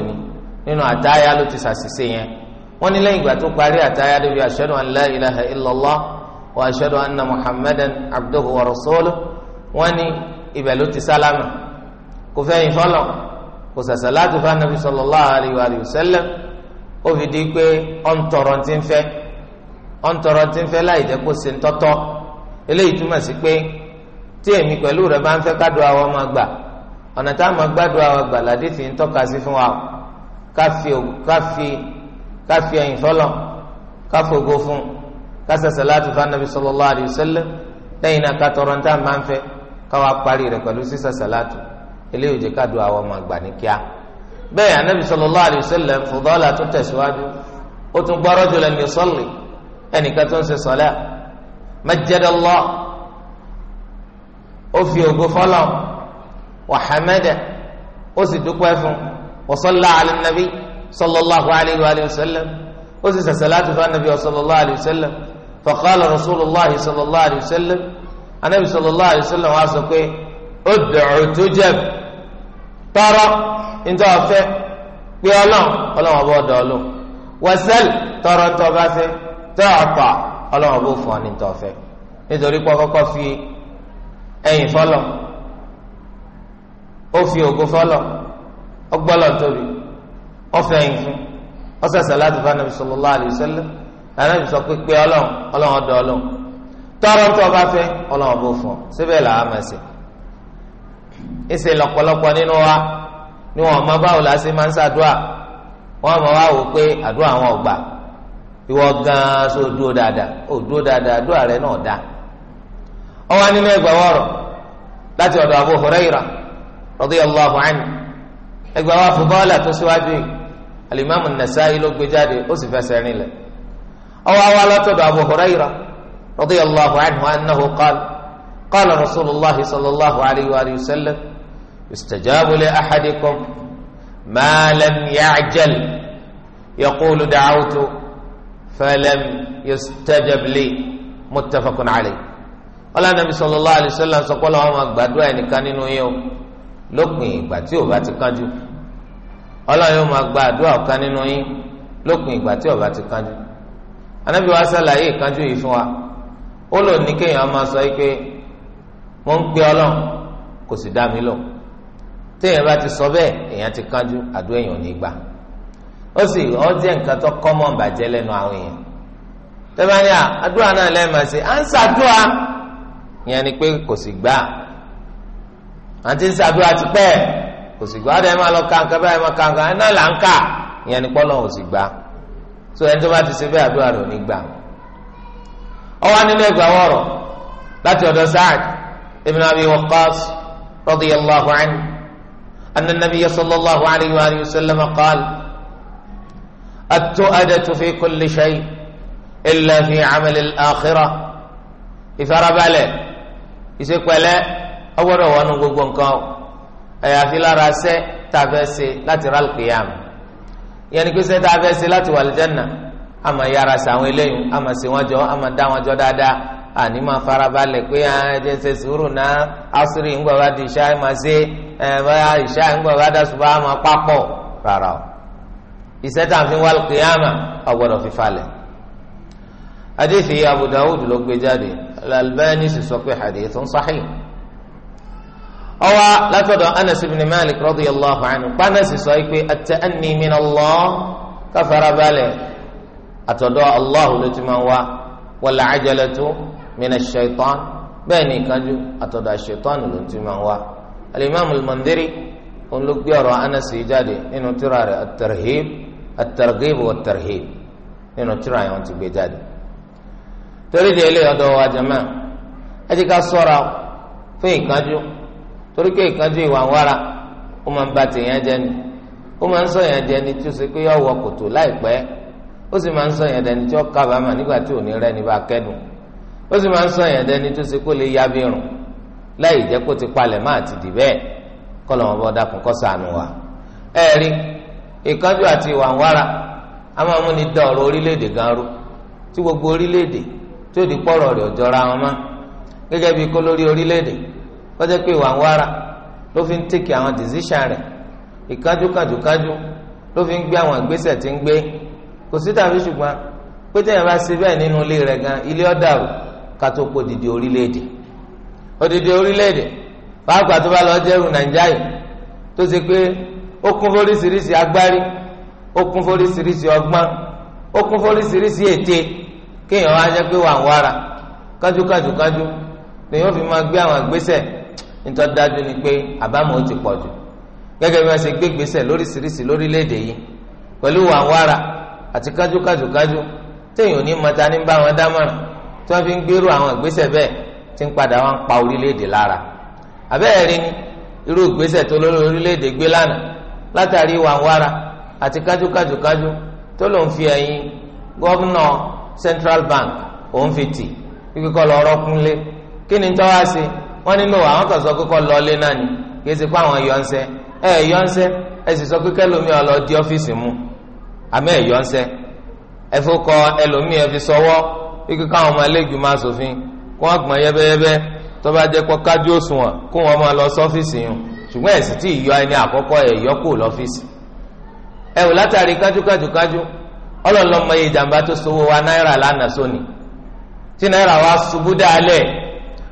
نينو أتايا لتساسي سيين wọ́n ní lẹ́yìn ìgbà tó parí àtàyà débi ashhadu an la ilaha illallah wa ashhadu anna muhammadan abduhu wa rasuluhu wọ́n ní ibẹ̀ ló ti sálámà kò fẹ́yìn fọlọ́ kò sàṣà láti fa nabi sallallahu alayhi wa sallam ó fi di pé ọ̀ntọ̀rọ̀ ti ń fẹ́ ọ̀ntọ̀rọ̀ ti ń fẹ́ láì jẹ́ kó ṣe ń tọ́tọ́ eléyìí túmọ̀ sí pé tí èmi pẹ̀lú rẹ̀ bá ń fẹ́ kádùn àwọn ọmọ gbà ọ̀nà táwọn gbádùn àwọn gbà ká fi ẹ̀yìn fọlọ ká fògo fún ká sẹsẹ láti fún anabi sallallahu alayhi wa sallam lẹ́yìn náà ká tọrọ ní tá a máa ń fẹ́ ká wá parí rẹ̀ pẹ̀lú sísẹ sàlátù eléyìí ò jẹ́ ká do àwọn ọmọ àgbà ní kíá bẹ́ẹ̀ anabi sallallahu alayhi wa tó tẹ̀síwájú ó tún gbọ́ rajulan yusalli ẹnìkan tó ń ṣe sọlá majjadallah ó fi ògo fọlọ wa ó sì dúpẹ́ fún wa salla ala sallallahu alayhi wa sallam ó sì sẹ̀sẹ̀ láti fún anabi sallallahu alayhi wa sallam faqala rasulillah sallallahu alayhi wa sallam anabi sallallahu alayhi wa sallam wá sọ pé ud'u tujab tọrọ níta ọ̀fẹ́ pé ọlọ́n ọlọ́n ọba ọ̀dọ̀ ọlọ́ wẹ́sẹ̀l tọrọ níta ọba fẹ́ tọ́ọ̀tọ̀ ọlọ́n ọba òfò níta ọ̀fẹ́ nítorí pé ọkọ́kọ́ fi ẹ̀yìn fọlọ́ ó fi ògo fọlọ́ ọgbọ́lọ́ tóbi. ọfẹyìn fún ọsẹ sàlátì alayhi sọ ọdọ tọrọ tó ọba ọ làá máa ṣe ìṣe lọ́pọ̀lọpọ̀ nínú wa ni wọn máa báwo la ṣe máa ń ṣàdúrà wọn máa wá wò pé àdúrà ọgbà ìwọ so dúró dáadáa ó dúró dáadáa àdúrà rẹ náà nínú láti wa alimami nasa'i ló gbé jáde ó sì fẹsẹ̀ rìn lẹ̀ ọwọ́ awa látọ̀dọ̀ abu huraira radiyallahu anhu annahu qala qala rasulillah sallallahu alayhi wa sallam istajabu li ahadikum ma lam ya'jal yaqulu da'awtu falam yastajab li muttafaqun alayhi ọlọ́run nàbí sallallahu alayhi wa sallam sọ́kọ́ lọ́wọ́ máa gbàdúrà ẹnìkan nínú yẹn o lópin ìgbà tí ò bá ti kánjú. ọlọ́run yóò máa gba àdúrà ọ̀kan nínú yín lópin ìgbà tí ọba ti kánjú anábì wa ṣàlàyé ìkánjú yìí fún wa ó lò ní kéèyàn máa sọ pé mo ń pe ọlọ́run kò sì dá mi lò téèyàn bá ti sọ bẹ́ẹ̀ èèyàn ti kánjú àdúrà èèyàn ní gbà ó sì jẹ́ nǹkan tó kọ́mọ̀ bàjẹ́ lẹ́nu àwọn èèyàn àdúrà náà lẹ́yìn máa ṣe à ń ṣàdúrà ni pé kò sì gbà ń ṣàdúrà ti pẹ́ẹ́ kò sì gbà ọ̀dà ẹ̀ máa lọ ka nǹkan báyìí máa ka nǹkan ẹ̀ náà là ń kà ìyẹn ni pọ́nà ò sì gbà so ẹni tó bá ti ṣe bẹ́ẹ̀ àdúrà rẹ̀ ò ní gbà. ọwọ́ nínú ẹgbà wọ̀rọ̀ láti ọ̀dọ̀ Sa'ad ibn Abi Waqqas radiyallahu anhu anna nabiyya sallallahu alayhi wa sallam qaal at-tu'adatu fi kulli shay illa fi 'amal al ìfarabalẹ̀ ìṣepẹ̀lẹ́ ọgbọ́dọ̀ wọnú gbogbo nǹkan àyàfi lára sẹ́ tá a fẹ́ ṣe láti rà lùkìyàm yẹn ni pé sẹ́ tá a fẹ́ ṣe láti wà lùjẹ́nà àmọ́ yàrá sàwọn eléyìí àmọ́ sí wọn jọ àmọ́ dá wọn jọ dáadáa àní máa farabalẹ̀ pé ah, ẹjẹ ṣe sùúrù náà asúrì ń gbọ̀wá di ìṣá máa ṣe ẹ̀ẹ́dá ìṣá ń gbọ̀wá dá ṣùgbọ́n àmọ́ pápọ̀ rárá o iṣẹ́ tá a fi wà lùkìyàmà ọ̀gbọ́dọ̀ fi falẹ̀ adéfì Abu Dawud ló gbé jáde Al-Albani sì sọ pé hadithun sahih ọwọ́ látọ̀dọ̀ anas ibn malik radiyallahu anhu panas sọ pé at-ta'anni min Allah káfarabalẹ̀ àtọ̀dọ̀ allah ló ti máa wá wal ajalatu min ash-shaytan bẹ́ẹ̀ ni ìkánjú àtọ̀dọ̀ ash-shaytan ló ti máa wá alimami al-mandiri òun ló gbé ọ̀rọ̀ anas yìí jáde nínú tírà rẹ̀ at-tarhib at-targhib nínú tírà yẹn wọ́n ti gbé jáde torí de ilé wa jama ẹ ti ká ṣọ́ra fún ìkánjú torí pé ìkánjú ìwà wára ó máa ń ba tèèyàn jẹ ni ó máa ń sọ yẹn jẹ ni tí ó ṣe pé yọ wọ kòtò láìpẹ́ ó sì máa ń sọ dẹni tí ó kábàámà nígbà tí ò ní rẹ ní bá kẹ́dùn ó sì máa ń sọ yẹn dẹni tó ṣe kó lè ya bí rùn láì jẹ́ kó ti palẹ̀ má ti dì bẹ́ẹ̀ kọ́ lọ́wọ́ bọ́ dákun kọ́ sànù wa. ẹ rí ìkánjú àti ìwà wára a máa mú ni dá ọ̀rọ̀ orílẹ̀-èdè gan rú tí gbogbo orílẹ̀-èdè tí ó di pọ̀rọ̀ kọjá pé ìwà ń wára ló fi ń tèkì àwọn decision rẹ̀ ìkájú kàjúkájú ló fi ń gbé àwọn ìgbésẹ̀ tí ń gbé kò sí tàbí ṣùgbọ́n pé téèyàn bá ṣe bẹ́ẹ̀ nínú ilé rẹ̀ gan ilé ọ̀dàrú ká tó pò dìde orílẹ̀-èdè òdìdí orílẹ̀-èdè pàápàá tó bá lọ jẹ́rù nàìjíríà yìí tó ṣe pé ó kún fóríṣiríṣi agbárí ó kún fóríṣiríṣi ọgbọ́n ó kún fóríṣiríṣi ète kéèyàn wá jẹ́ pé wà ń wára kájúkájúkájú lèyìn ó fi máa gbé àwọn àgbésẹ̀ nítorí dájú ni pé àbámọ̀ ó ti pọ̀ jù gẹ́gẹ́ bí wọ́n ṣe gbégbèsè lóríṣiríṣi lórílẹ̀‐èdè yìí pẹ̀lú àwárà àti kájúkájúkájú téèyàn ní mọta ní bá wọn dámọ̀ràn tí wọ́n fi ń gbèrú àwọn ìgbésẹ̀ bẹ́ẹ̀ tí ń padà wọn pa orílẹ̀‐èdè lára àbẹ́ẹ̀rí ni irú ìgbésẹ̀ tó lórí orílẹ̀‐èdè gbé lánàá látàrí wàwárà àti kájúkájúkájú tó ló ń fi ẹ̀yìn gọ́vnọ̀ Central Bank òun fi tì kíkọ́ lọ́ọ́ rọ́kúnlé kí ni tọ́wá sí i wọ́n nínú àwọn kan sọ pé kọ́ lọ́ọ́lé náà ni kì í ṣe pé àwọn yọ̀ǹsẹ́ ẹ yọ̀ǹsẹ́ ẹ sì sọ pé kẹlòmíì ọlọ di mu àmì ẹ yọ̀ǹsẹ́ ẹ kọ ẹlòmíì ẹ fi sọwọ ikú káwọn ọmọ máa kó tó bá kájú kó máa lọ sọ́fíìsì yìí ṣùgbọ́n ẹ̀sìn tí ẹni yọ kó ẹ wò látàrí kájúkájúkájú ọlọ́ọ̀lọ́mọ iye ìjàmbá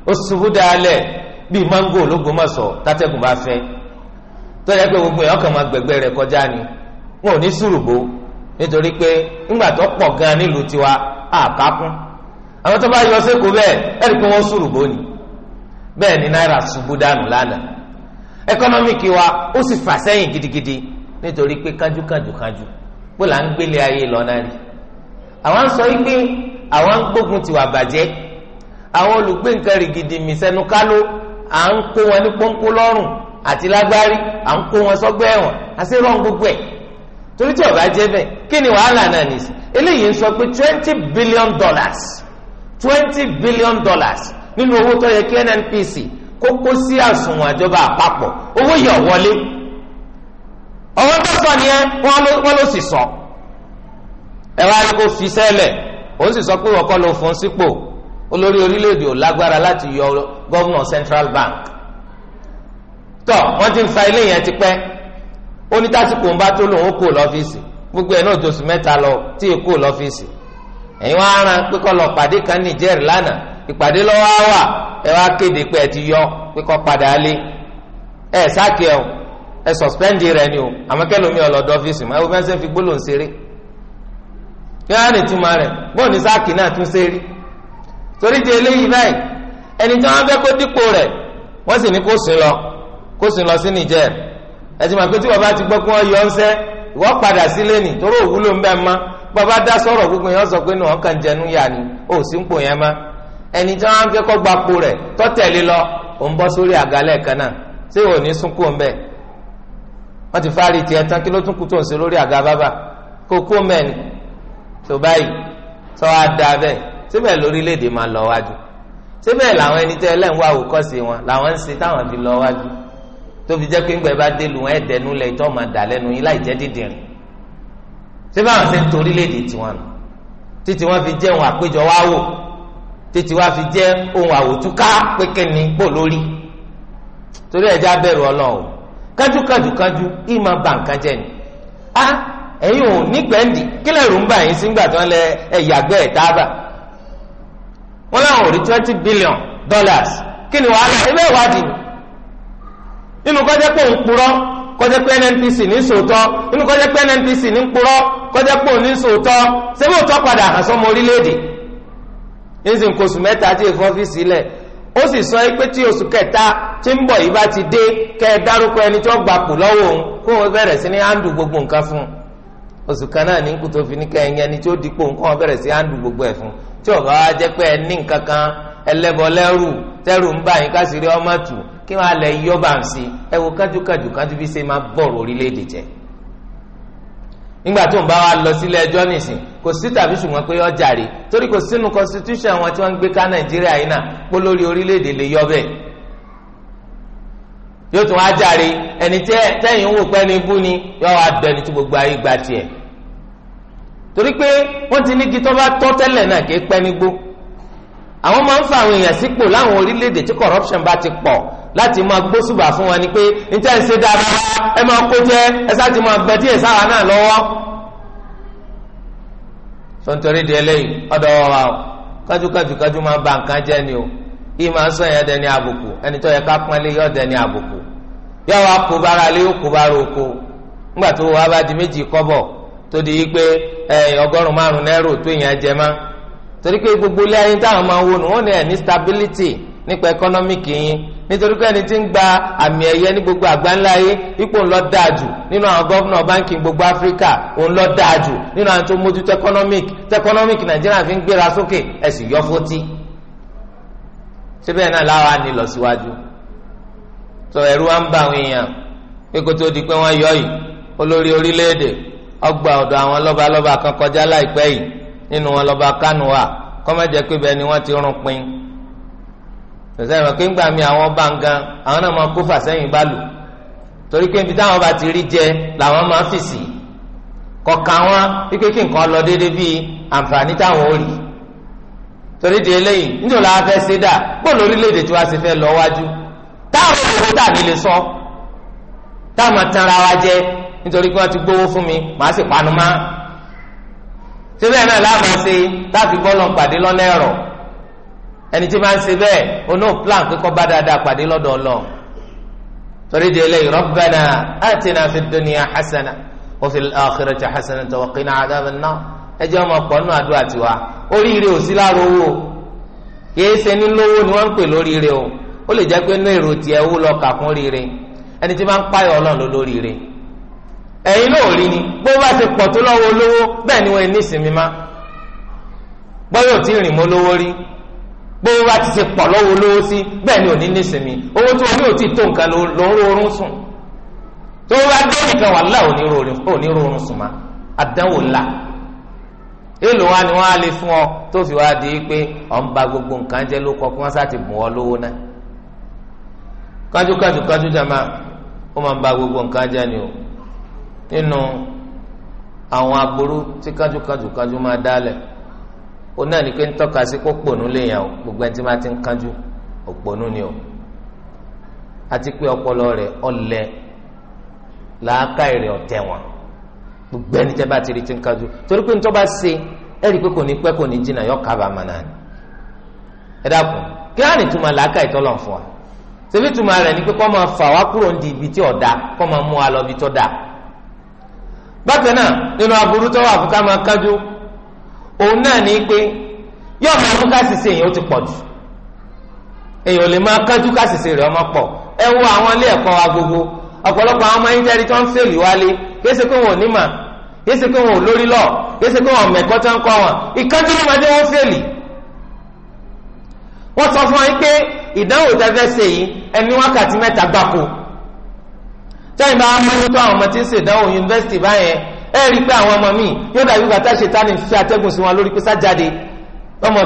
ó ṣubú dálẹ̀ bíi mángò l'Ógbómọ̀ṣọ́ tátẹ́gùn bá fẹ́ tó yẹ pé gbogbo yẹn ọkàn máa gbẹ̀gbẹ́ rẹ̀ kọjá ni wọn ò ní sùrùgbó nítorí pé ńgbà gan nílùú tiwa àkákún àwọn tó bá yọ sẹ́kọ̀ọ́ bẹ́ẹ̀ ẹ̀rí pé wọ́n ni ni náírà dànù lánàá wa ó sì fà gidigidi nítorí pé kájúkájú kájú pé là ń gbélé ayé lọ náà àwọn sọ àwọn olùgbé nǹkan rìgìdì mì sẹ́nu káló à ń kó wọn ní pọ́ńkó lọ́rùn àti lágbárí à ń kó wọn sọ́gbẹ́ ẹ̀wọ̀n àṣírọ́ gbogbo ẹ̀ torí tí ọba jẹ́ bẹ́ẹ̀ kí ni wàhálà náà nì sí eléyìí ń sọ pé twenty billion dollars twenty billion dollars nínú owó tó yẹ kí NNPC kókó sí àsùnwọ̀n ìjọba àpapọ̀ owó yọ̀ wọlé ọwọ́ tó sọ nìyẹn wọ́n ló sì sọ ẹ wá rí kó fi sẹ́lẹ̀ òun sì sọ pé wọ́n kọ́ ló fún sípò olórí orílẹ̀-èdè ò lágbára láti yọ gọ́vùnà central bank tọ́ wọ́n ti ń fa ilé yẹn tipẹ́ onítàsíkò ń bá tó lòun ó kó lọ́fíìsì gbogbo ẹ̀ náà oṣù mẹ́ta lọ tí ì kó lọ́fíìsì ẹ̀yin wá rán pé kó lọ pàdé kan nìjẹ́rì lánàá ìpàdé lọ́wọ́ á wà ẹ wá kéde pé ẹ ti yọ pé kó padà lé ẹ sáàkì ẹ o ẹ sọ̀spẹ́ndì rẹ ni o àmọ́ kẹlòmí ọlọ́dọ̀ ọ́fíìsì mọ́ ẹ wọ́n fẹ́ẹ́ fi gbólóhùn ṣeré kí wọ́n á nìtumọ̀ rẹ̀ bóun ní sáàkì náà tún ṣeré torí di eléyìí báyìí ẹni tí wọ́n fẹ́ kó dípò rẹ̀ wọ́n sì ní kó sìn lọ kó sìn lọ sí Niger ẹtì máa pé tí bàbá ti yọ ni torí ń ma bàbá dá sọ̀rọ̀ gbogbo yẹn sọ pé ni ó sì ń ma ẹni tí wọ́n fẹ́ kó gba po rẹ̀ tó tẹ̀lé lọ ò ń bọ́ sórí àgálẹ̀ kan náà ò ní ń síbẹ̀ lórílẹ̀‐èdè máa lọ wájú síbẹ̀ làwọn ẹni tẹ́ ẹlẹ́wọ̀n àwòkọ́sí wọn làwọn ń ṣe táwọn fi lọ wájú tóbi jẹ́ pé ńgbẹ́ bá dé lu wọn ẹ̀dẹ́nu lẹ̀ tó máa dà lẹ́nu yín láì jẹ́ dídìrín síbẹ̀ àwọn ṣe ń torílẹ̀‐èdè tiwọn nù títí wọn fi jẹ́ ohun àpéjọ wá wò títí wọn fi jẹ́ ohun àwòtúká pékèní pò lórí torí ẹ̀já bẹ̀rù ọlọ́run kájúkájúkájú ìmọ̀ bà nǹkan wọn làwọn ò rí twenty billion dollars kí ni wàhálà ẹ bẹ́ẹ̀ wádìí nínú kọjá pé òun purọ́ kọjá pé NNPC ní sòótọ́ nínú kọjá pé NNPC ní kọjá pé òun ní padà hàn sọ́mọ orílẹ̀-èdè mẹ́ta sọ pé tí oṣù kẹta tí ń yìí bá ti ẹni tí gbà pò òun kó gbogbo nǹkan fún oṣù kan náà ní fi ní tí ọba wa jẹ́ pé ẹ ní nǹkan kan ẹlẹ́bọlẹ́rù tẹ́rù ń bá yín kásìrí ọmọ tù kí wọ́n alẹ́ yọ́ bá ń sí ẹ wo kájúkájú kájú bí ṣe máa bọ̀rọ̀ orílẹ̀-èdè jẹ́ nígbà tó ń bá wa lọ sílé ẹjọ́ nìsín kò sí tàbí ṣùgbọ́n pé ó jàre torí kò sínú constitution wọn tí wọ́n ń gbé ká nàìjíríà yìí náà polórí orílẹ̀-èdè lè yọ bẹ́ẹ̀ yóò tún wá jàre ẹni tẹ́yìn wò pẹ́ ní ibú ni yọ torí pé wọ́n ti ní igi tó bá tọ́ tẹ́lẹ̀ náà kì pẹ́ nígbó àwọn máa ń fa àwọn èèyàn sípò láwọn orílẹ̀-èdè tí corruption bá ti pọ̀ láti máa gbósùbà fún wa ni pé níta ẹ̀ dáadáa ẹ máa kó jẹ́ ẹ sá ti máa gbẹ sára náà lọ́wọ́ sọ́ńtọ́rí di eléyìí ọ̀dọ̀ wa o máa ba nǹkan jẹ́ ni o yìí máa ń sọ dẹni àbùkù ẹni ká tó di pé ọgọ́rùn márùn náírà tó èèyàn jẹ mọ́ torí pé gbogbo ilé ayé táwọn máa wọnú wọn ní ẹ̀ ní stability nípa ẹkọ́nọ́mìkì yín nítorí pé ẹni tí ń gba àmì ẹ̀yẹ ní gbogbo àgbáńlá yé ipò ńlọ dáàjù nínú àwọn gọ́vnà báńkì gbogbo áfíríkà lọ nínú àwọn tó mójútó nàìjíríà fi ń gbéra sókè yọ fótí síbẹ̀ náà láwa ni lọ síwájú tó wa ń bá àwọn èèyàn pé kó tó di pé wọ́n yọ yìí olórí ọgbà ọ̀dọ̀ àwọn lọ́ba lọ́ba kan kọjá láìpẹ́ yìí nínú wọn lọ́ba kánò wà kọ́mẹ́jẹ pé bẹ́ẹ̀ ni wọ́n ti rún pin tẹ̀sẹ̀ ìwọ̀n pé ńgbà mi àwọn bá ń gan àwọn náà máa kó fàsẹ́yìn bá lù torí pé ibi táwọn bá ti rí jẹ làwọn máa fì sí kọ̀ọ̀kan wọn wípé kí nǹkan lọ déédéé bíi àǹfààní táwọn ò rí torí di eléyìí níjọ́ la fẹ́ ṣe dà bóòlù orílẹ̀-èdè tí wàá ṣe fẹ́ lọ wájú táwọn òṣèlú tàbí lè sọ táwọn tanra wa jẹ nítorí pé wọ́n ti gbówó fún mi màá sì panu má ṣé bẹ́ẹ̀ náà láàmú ṣe láti bọ́lọ̀ pàdé lọ́nà ẹ̀rọ ẹni tí máa ń ṣe bẹ́ẹ̀ oní plan kíkọ́ bá dáadáa pàdé lọ́dọ̀ Ọlọ́run torí de eléyìí Rabbana atina fid dunya hasana wa fil akhirati hasana wa qina adhaban nar ẹ jẹ́ ọmọ pọ̀ nínú àdúrà tiwa oríire ò sí láàrọ̀ owó kìí ṣe ní lówó ni wọ́n ń pè lóríire o ó lè jẹ́ pé ní èrò tiẹ̀ owó lọ́ọ́ kà oríire ẹni tí máa ń ẹ̀yin náà rí ni bó bá ti pọ̀ tó lọ́wọ́ olówó bẹ́ẹ̀ ni wọ́n ní ìsinmi má bọ́yọ̀ tí rìn mọ́ lówó rí bó bá ti ti pọ̀ lọ́wọ́ olówó sí bẹ́ẹ̀ ni ò ní ní ìsinmi owó tó ní òtí tó nǹkan ló ń rorun sùn tó bá dé nìkan wà láà òní sùn má àdánwò ńlá èlò wa ni wọ́n á lè fún ọ tó fi wá di pé ọ̀n ba gbogbo nǹkan jẹ́ ló kọ kí wọ́n sá ti bùn ọ lówó náà kájúkájú kájú jàmá ó máa ń ba gbogbo nǹkan jẹ́ ni o nínú àwọn aburú tí kánjúkánjúkánjú máa dálẹ̀ ó náà ní pé ń tọ́ka sí kó pònú léèyàn gbogbo ẹni tí máa ti ń kánjú òpònú ni o àti pé ọpọlọ rẹ̀ ọ̀lẹ làákàyè rẹ̀ ọ̀tẹ̀ wọn gbogbo ẹni tẹ́ bá ti rí ti ń kánjú torí pé ń tọ́ bá ṣe ẹ rí i pé kò ní pẹ́ kò ní jìnnà yọ kábàámà náà ni ẹ dákun kí á ní túmọ̀ làákàyè tọ́lọ̀ fún wa ṣebí túmọ̀ rẹ̀ ni pé kó máa fà wá kúrò ní ibi tí ọ̀dà kó bákan náà nínú aburú tó wà fún ká máa kájú òun náà ní pé yóò máa mú kásìsì èèyàn ó ti pọ̀ jù èèyàn lè máa kájú kásìsì rẹ̀ ọmọ pọ̀ ẹ wo àwọn ilé ẹ̀kọ́ wa gbogbo ọ̀pọ̀lọpọ̀ àwọn ọmọ ayélujára tó ń fèlì wálé kéésì pé wọn ò ní mà kéésì pé wọn ò lórí lọ kéésì pé wọn ò mẹ̀kọ́ tó ń kọ́ wọn ìkájú ló máa jẹ́ wọ́n fèlì wọ́n sọ fún wa pé ìdánwò tẹ́yìn bá mójútó àwọn ọmọ tí ń ṣèdánwò yunifásitì báyẹn ẹ rí i pé àwọn ọmọ míì yóò dàbí bàtà ṣètánì fi atẹ́gùn sí wọn lórí pé sájáde lo ogún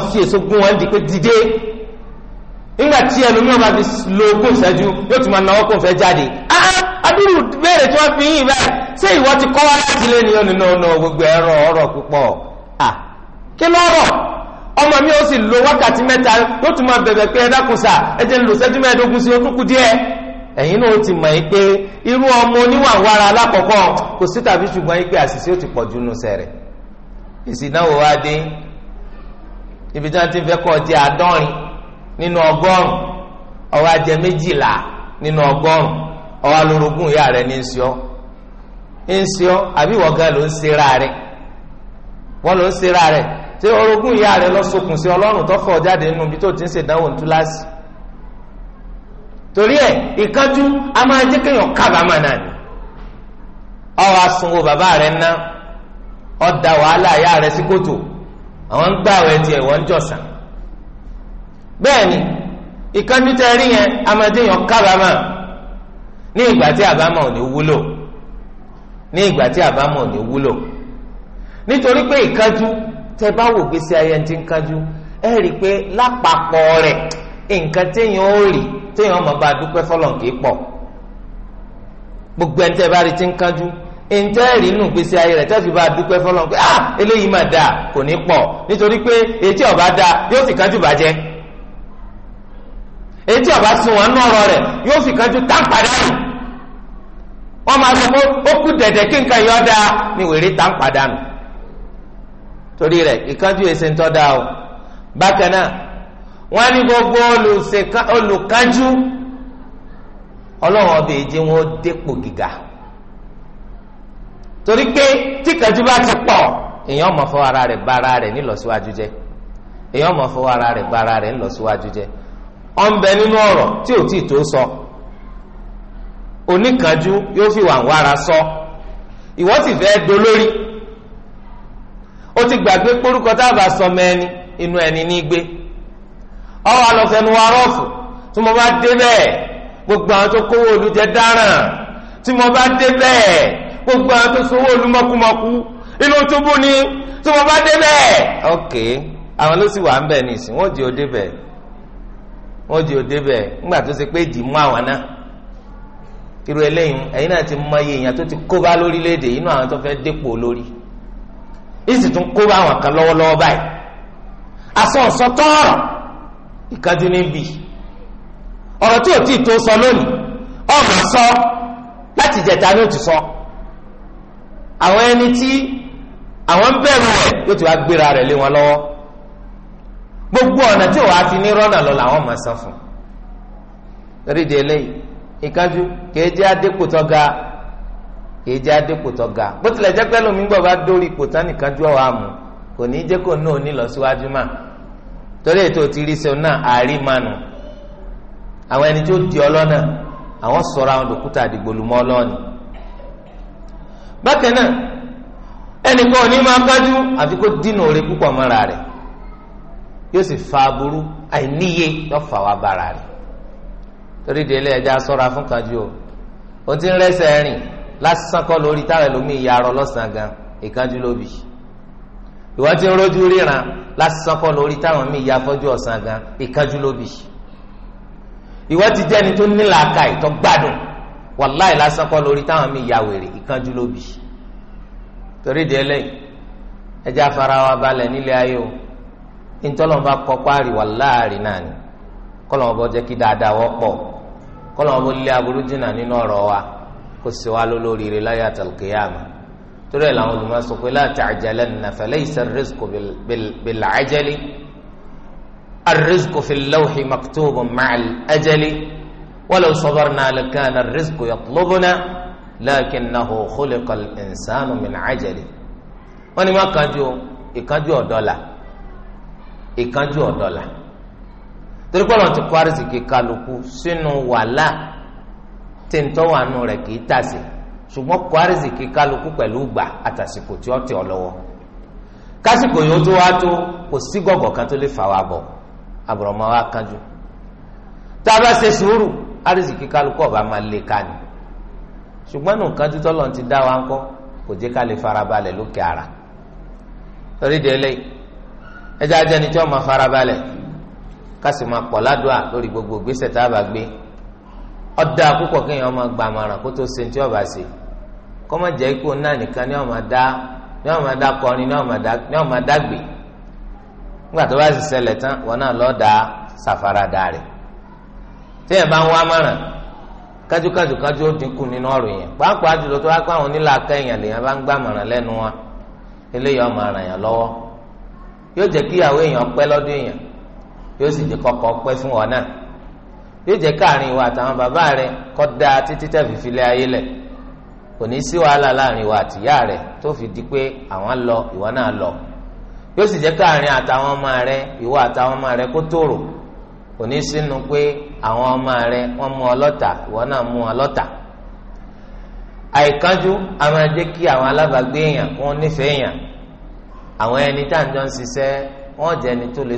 ìṣẹ́jú yóò tún máa náwó kó fẹ́ jáde ah, ah, béèrè tí wọ́n fi yín báyìí ṣé ìwọ ti kọ́ gbogbo ẹ̀rọ ọ̀rọ̀ púpọ̀ ah, kí ọmọ mi ó sì lo wákàtí mẹ́ta yóò tún máa bẹ̀bẹ̀ pé ẹ dákun sà ẹ jẹ́ ń ẹ̀yin náà ti mọ̀ yín pé irú ọmọ oníwàwára alákọ̀ọ́kọ́ kò sí tàbí ṣùgbọ́n yín pé àṣìṣe ó ti pọ̀ jù nù sẹ̀rẹ̀ ìsìnáwó wa dé ibi tí wọ́n ti fẹ́ kọ́ jẹ́ àádọ́rin nínú ọgọ́rùn ọwọ́ ajẹ́ méjìlá nínú ọgọ́rùn ọwọ́ alorogún ìyá rẹ̀ ní nsíọ́ nsíọ́ àbí wọ́gá ló ń sera rẹ̀ wọ́n ló ń sera rẹ̀ ṣé orogún ìyá rẹ̀ lọ sí ọlọ́run tó fọ́ jáde nínú ibi tó ti ń ṣèdánwò ńtúláṣì torí ẹ ikanju a máa jẹ́ kéèyàn kábàámà náà ni ọwọ́ asunwó bàbá rẹ̀ ná ọ̀dà wàhálà ìyá rẹ̀ sí kòtò àwọn ń gbà wẹ̀ tiẹ̀ wọ́n ń bẹ́ẹ̀ ni ikanju tẹ rí yẹn a máa kéèyàn ní ìgbà tí àbámọ̀ ò ní wúlò ní ìgbà tí àbámọ̀ ò ní wúlò nítorí pé ìkánjú tẹ bá wò gbèsè ayé ti ń ẹ rí i pé lápapọ̀ nǹkan téèyàn ọmọ bá dúpẹ́ fọlọ́n pọ̀ gbogbo ẹni tẹ́ bá rí ti ń kánjú ntẹ́ẹ̀rì nù gbèsè ayé rẹ̀ tẹ́ẹ̀fì bá dúpẹ́ fọlọ́n ah eléyìí mà dáa kò ní pọ̀ nítorí pé etí ọba dáa yóò fi bàjẹ́ ọba sun wọn rẹ̀ yóò fi kánjú máa sọ pé ó kú dẹ̀dẹ̀ kí nǹkan dáa wèrè torí rẹ̀ o bákan náà wọ́n á ní gbogbo olùkájú ọlọ́run ọbẹ̀ èjì wọn dépò gíga torí pé tíkàjú bá ti pọ̀ èèyàn mọ̀ fọ́ ara rẹ̀ bá ara rẹ̀ nílọsíwájú jẹ́ èèyàn mọ̀ ara rẹ̀ bá ara nílọsíwájú nínú ọ̀rọ̀ tí ò tí sọ yóò fi wà ń sọ ìwọ sì dolórí ti gbàgbé tá a bá ọwọ àlọ́fẹ́nu arọfù tí mo bá dé bẹ́ẹ̀ gbogbo àwọn tó kówó olú jẹ dáràn tí mo bá dé gbogbo àwọn tó sowó olú mọ́kúmọ́kú inú túbú ni tí mo bá dé ok àwọn ló sì wà ń dé dé tó ṣe pé mú àwọn náà irú eléyìí náà ti mọ iye èèyàn tó ti inú àwọn tó dépò lórí ìsì tún bá kan ìkájú ní bì ọ̀rọ̀ tí ò tí tó sọ lónìí sọ láti jẹta ní sọ àwọn ẹni tí àwọn ń bẹ̀rù rẹ̀ yóò ti wá gbéra rẹ̀ wọn lọ́wọ́ gbogbo ọ̀nà tí wàá fi ní rọ́nà lọ làwọn máa san fún lórí eléyìí ìkájú kìí jẹ́ adépò tó ga kìí jẹ́ adépò tó ga bó tilẹ̀ jẹ́ pẹ́ lómi gbọ́ bá torí ètò ti rí sẹ́wọ̀n náà àrímánu àwọn ẹni tó di ọlọ́nà àwọn sọ̀rọ̀ àwọn dòkúta àdìgbòlùmọ́ ọlọ́ọ̀ni. bákan náà ẹnìkan ò ní máa kájú àfi kó dínà orí púpọ̀ mọ́ra rẹ̀ yóò sì fa aburú àìníye yóò fà bára rẹ̀ torí délé ẹja sọ́ra fún kájú o o ti ń rẹ́sẹ̀ rìn lásán kọ́ lórí táwọn ẹlòmíì yarọ lọ́sàn-án gan ìkájú lóbi. E ìwọ tí ń rojú ríran lásán kọ́ lórí táwọn míì ya fọ́jú ọ̀sán gan ìkájú ló bì ìwọ ti jẹ́ ẹni tó ní làákàyè tó gbádùn wàláì lásán kọ́ lórí táwọn míì ya wèrè ìkájú ló bì torí di ẹlẹ́yìn ẹjẹ́ afárá wa balẹ̀ nílé ayé o ntọ́lọ́mọba kọ́ páàrì wàláàrì náà ni kọ́lọ́mọba jẹ́ kí dáadáa wọ́pọ̀ kọ́lọ́mọba lé aburú jìnnà nínú ọ̀rọ̀ wa kó sì wá lólórí rẹ̀ láyé àtàlùkẹ́yàmù torí ẹ̀ làwọn olùmọ̀ sọ pé la ta'jalanna falaysa ar-rizqu bil-'ajali ar-rizqu fil-lawhi maktubun ma'al ajali walau sabarna lakana ar-rizqu yatlubuna lakinnahu khuliqa al-insanu min 'ajali wọ́n ní má kánjú ìkánjú ọ̀dọ́là ìkánjú torí pé ọ̀nà ti kó àrísìkì kálukú sínú wàhálà tí ń rẹ̀ kì í tàsí ṣùgbọ́n kó àrísìkí kálukú pẹ̀lú gbà àtàsìkò tí ó tẹ̀ ọ́ lọ́wọ́ kásìkò yìí ó tó wá tó kò sí gọ̀gọ̀ kan tó lè fà wá bọ̀ àbùrọ̀mọ́ wa kánjú tá a bá ṣe sùúrù àrísìkí kálukú ọba máa lè ká ni ṣùgbọ́n nù kánjú tọ́lọ́ ti dá wa ńkọ́ kò jẹ́ ká lè farabalẹ̀ lókè ara torí délé ẹjẹ́ ajẹ́ni tí wọ́n máa farabalẹ̀ ká sì máa pọ̀ ládùá lórí gbogbo gbèsè tá a bá gbé ọ̀dà púpọ̀ kéèyàn máa gbàmọ̀ràn kó tó ṣe ní tí wọ́n bá ṣe kọ́mọ jẹ́ ikú náà nìkan ni wọ́n máa dá ni wọ́n máa dá kọrin ni wọ́n máa dá gbé nígbà tó bá sì ṣẹlẹ̀ tán wọn náà lọ́ọ́ da safarada rẹ̀ tí bá ń wá márùn kájúkájú kájú ó dínkù nínú ọ̀rọ̀ yẹn pàápàá jùlọ tó àwọn onílà bá ń gbà mọ̀ràn lẹ́nu wa eléyìí ọmọ ara yẹn lọ́wọ́ yóò jẹ́ kí ìyàwó èèyàn pẹ́ lọ́dún èèyàn yóò sì jẹ́ kọ́kọ́ pẹ́ fún ọ náà yóò jẹ́ káàrin ìwà àtàwọn bàbá rẹ kọ́ da títí tẹ̀ ayé kò ní sí wàhálà láàrin wa àtìyá rẹ̀ tó fi di pé àwọn lọ ìwọ náà lọ yóò sì jẹ́ káàrin àtàwọn ọmọ rẹ̀ ìwọ àtàwọn ọmọ rẹ̀ kó tòrò kò ní sínú pé àwọn ọmọ rẹ̀ wọ́n mú ọ lọ́tà náà mú ọ àìkánjú a máa jẹ́ kí àwọn alábàágbé èèyàn wọ́n nífẹ̀ẹ́ èèyàn àwọn ẹni tá à ń jọ ń ṣiṣẹ́ wọ́n jẹ́ ẹni tó lè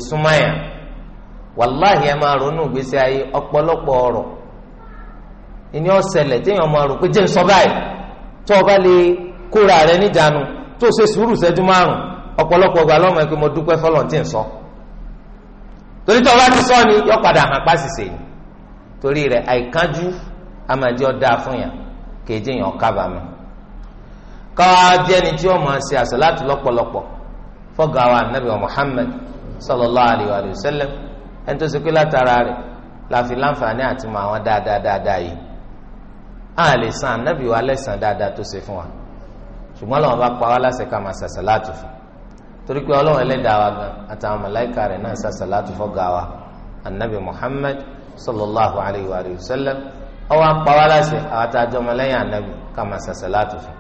tó o bá lè kóra rẹ níjànú tó o ṣe sùúrù ṣẹ́jú márùn ọ̀pọ̀lọpọ̀ ọgbà lọ́mọ ẹ̀ pé mo dúpẹ́ tí ń sọ torí tó o ni yọ padà hàn pàṣìṣe ni torí rẹ àìkánjú amadi dị fún yàn kéde yàn kábàámọ̀ káwá bí ẹni tí máa ṣe lọ́pọ̀lọpọ̀ sallallahu alayhi wa sallam ẹni tó ṣe pé látara rẹ̀ láǹfààní àti mọ a lè san anabi wa lẹ́sàn dáadáa tó ṣe fún wa ṣùgbọ́n Ọlọ́run bá pa wá láṣẹ ká máa ṣàṣà láti fún torí pé Ọlọ́run ẹlẹ́dàá wa gan àtàwọn màláìka rẹ̀ náà ṣàṣà láti fọ́ ga wa anabi Muhammad sallallahu alayhi wa sallam ọwọ́ pa wá láṣẹ àwọn àtàjọ ọmọlẹ́yìn anabi ká máa ṣàṣà láti fún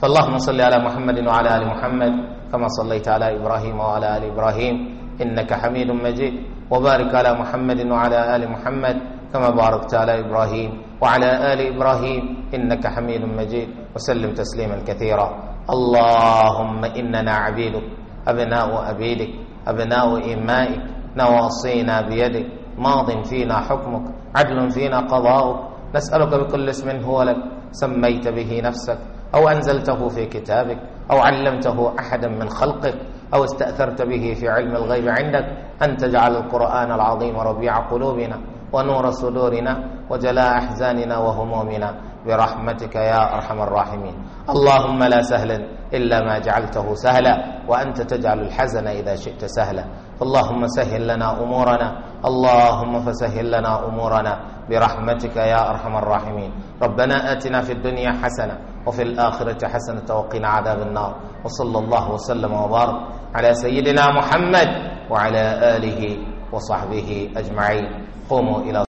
فاللهم صل على محمد وعلى ال محمد كما صليت على ابراهيم وعلى ال ابراهيم انك حميد مجيد وبارك على محمد وعلى ال محمد كما باركت على ابراهيم وعلى آل إبراهيم إنك حميد مجيد وسلم تسليما كثيرا اللهم إننا عبيدك أبناء أبيدك أبناء إمائك نواصينا بيدك ماض فينا حكمك عدل فينا قضاؤك نسألك بكل اسم هو لك سميت به نفسك أو أنزلته في كتابك أو علمته أحدا من خلقك أو استأثرت به في علم الغيب عندك أن تجعل القرآن العظيم ربيع قلوبنا ونور صدورنا وجلاء أحزاننا وهمومنا برحمتك يا أرحم الراحمين اللهم لا سهلا إلا ما جعلته سهلا وأنت تجعل الحزن إذا شئت سهلا اللهم سهل لنا أمورنا اللهم فسهل لنا أمورنا برحمتك يا أرحم الراحمين ربنا آتنا في الدنيا حسنة وفي الآخرة حسنة وقنا عذاب النار وصلى الله وسلم وبارك على سيدنا محمد وعلى آله وصحبه أجمعين قوموا إلى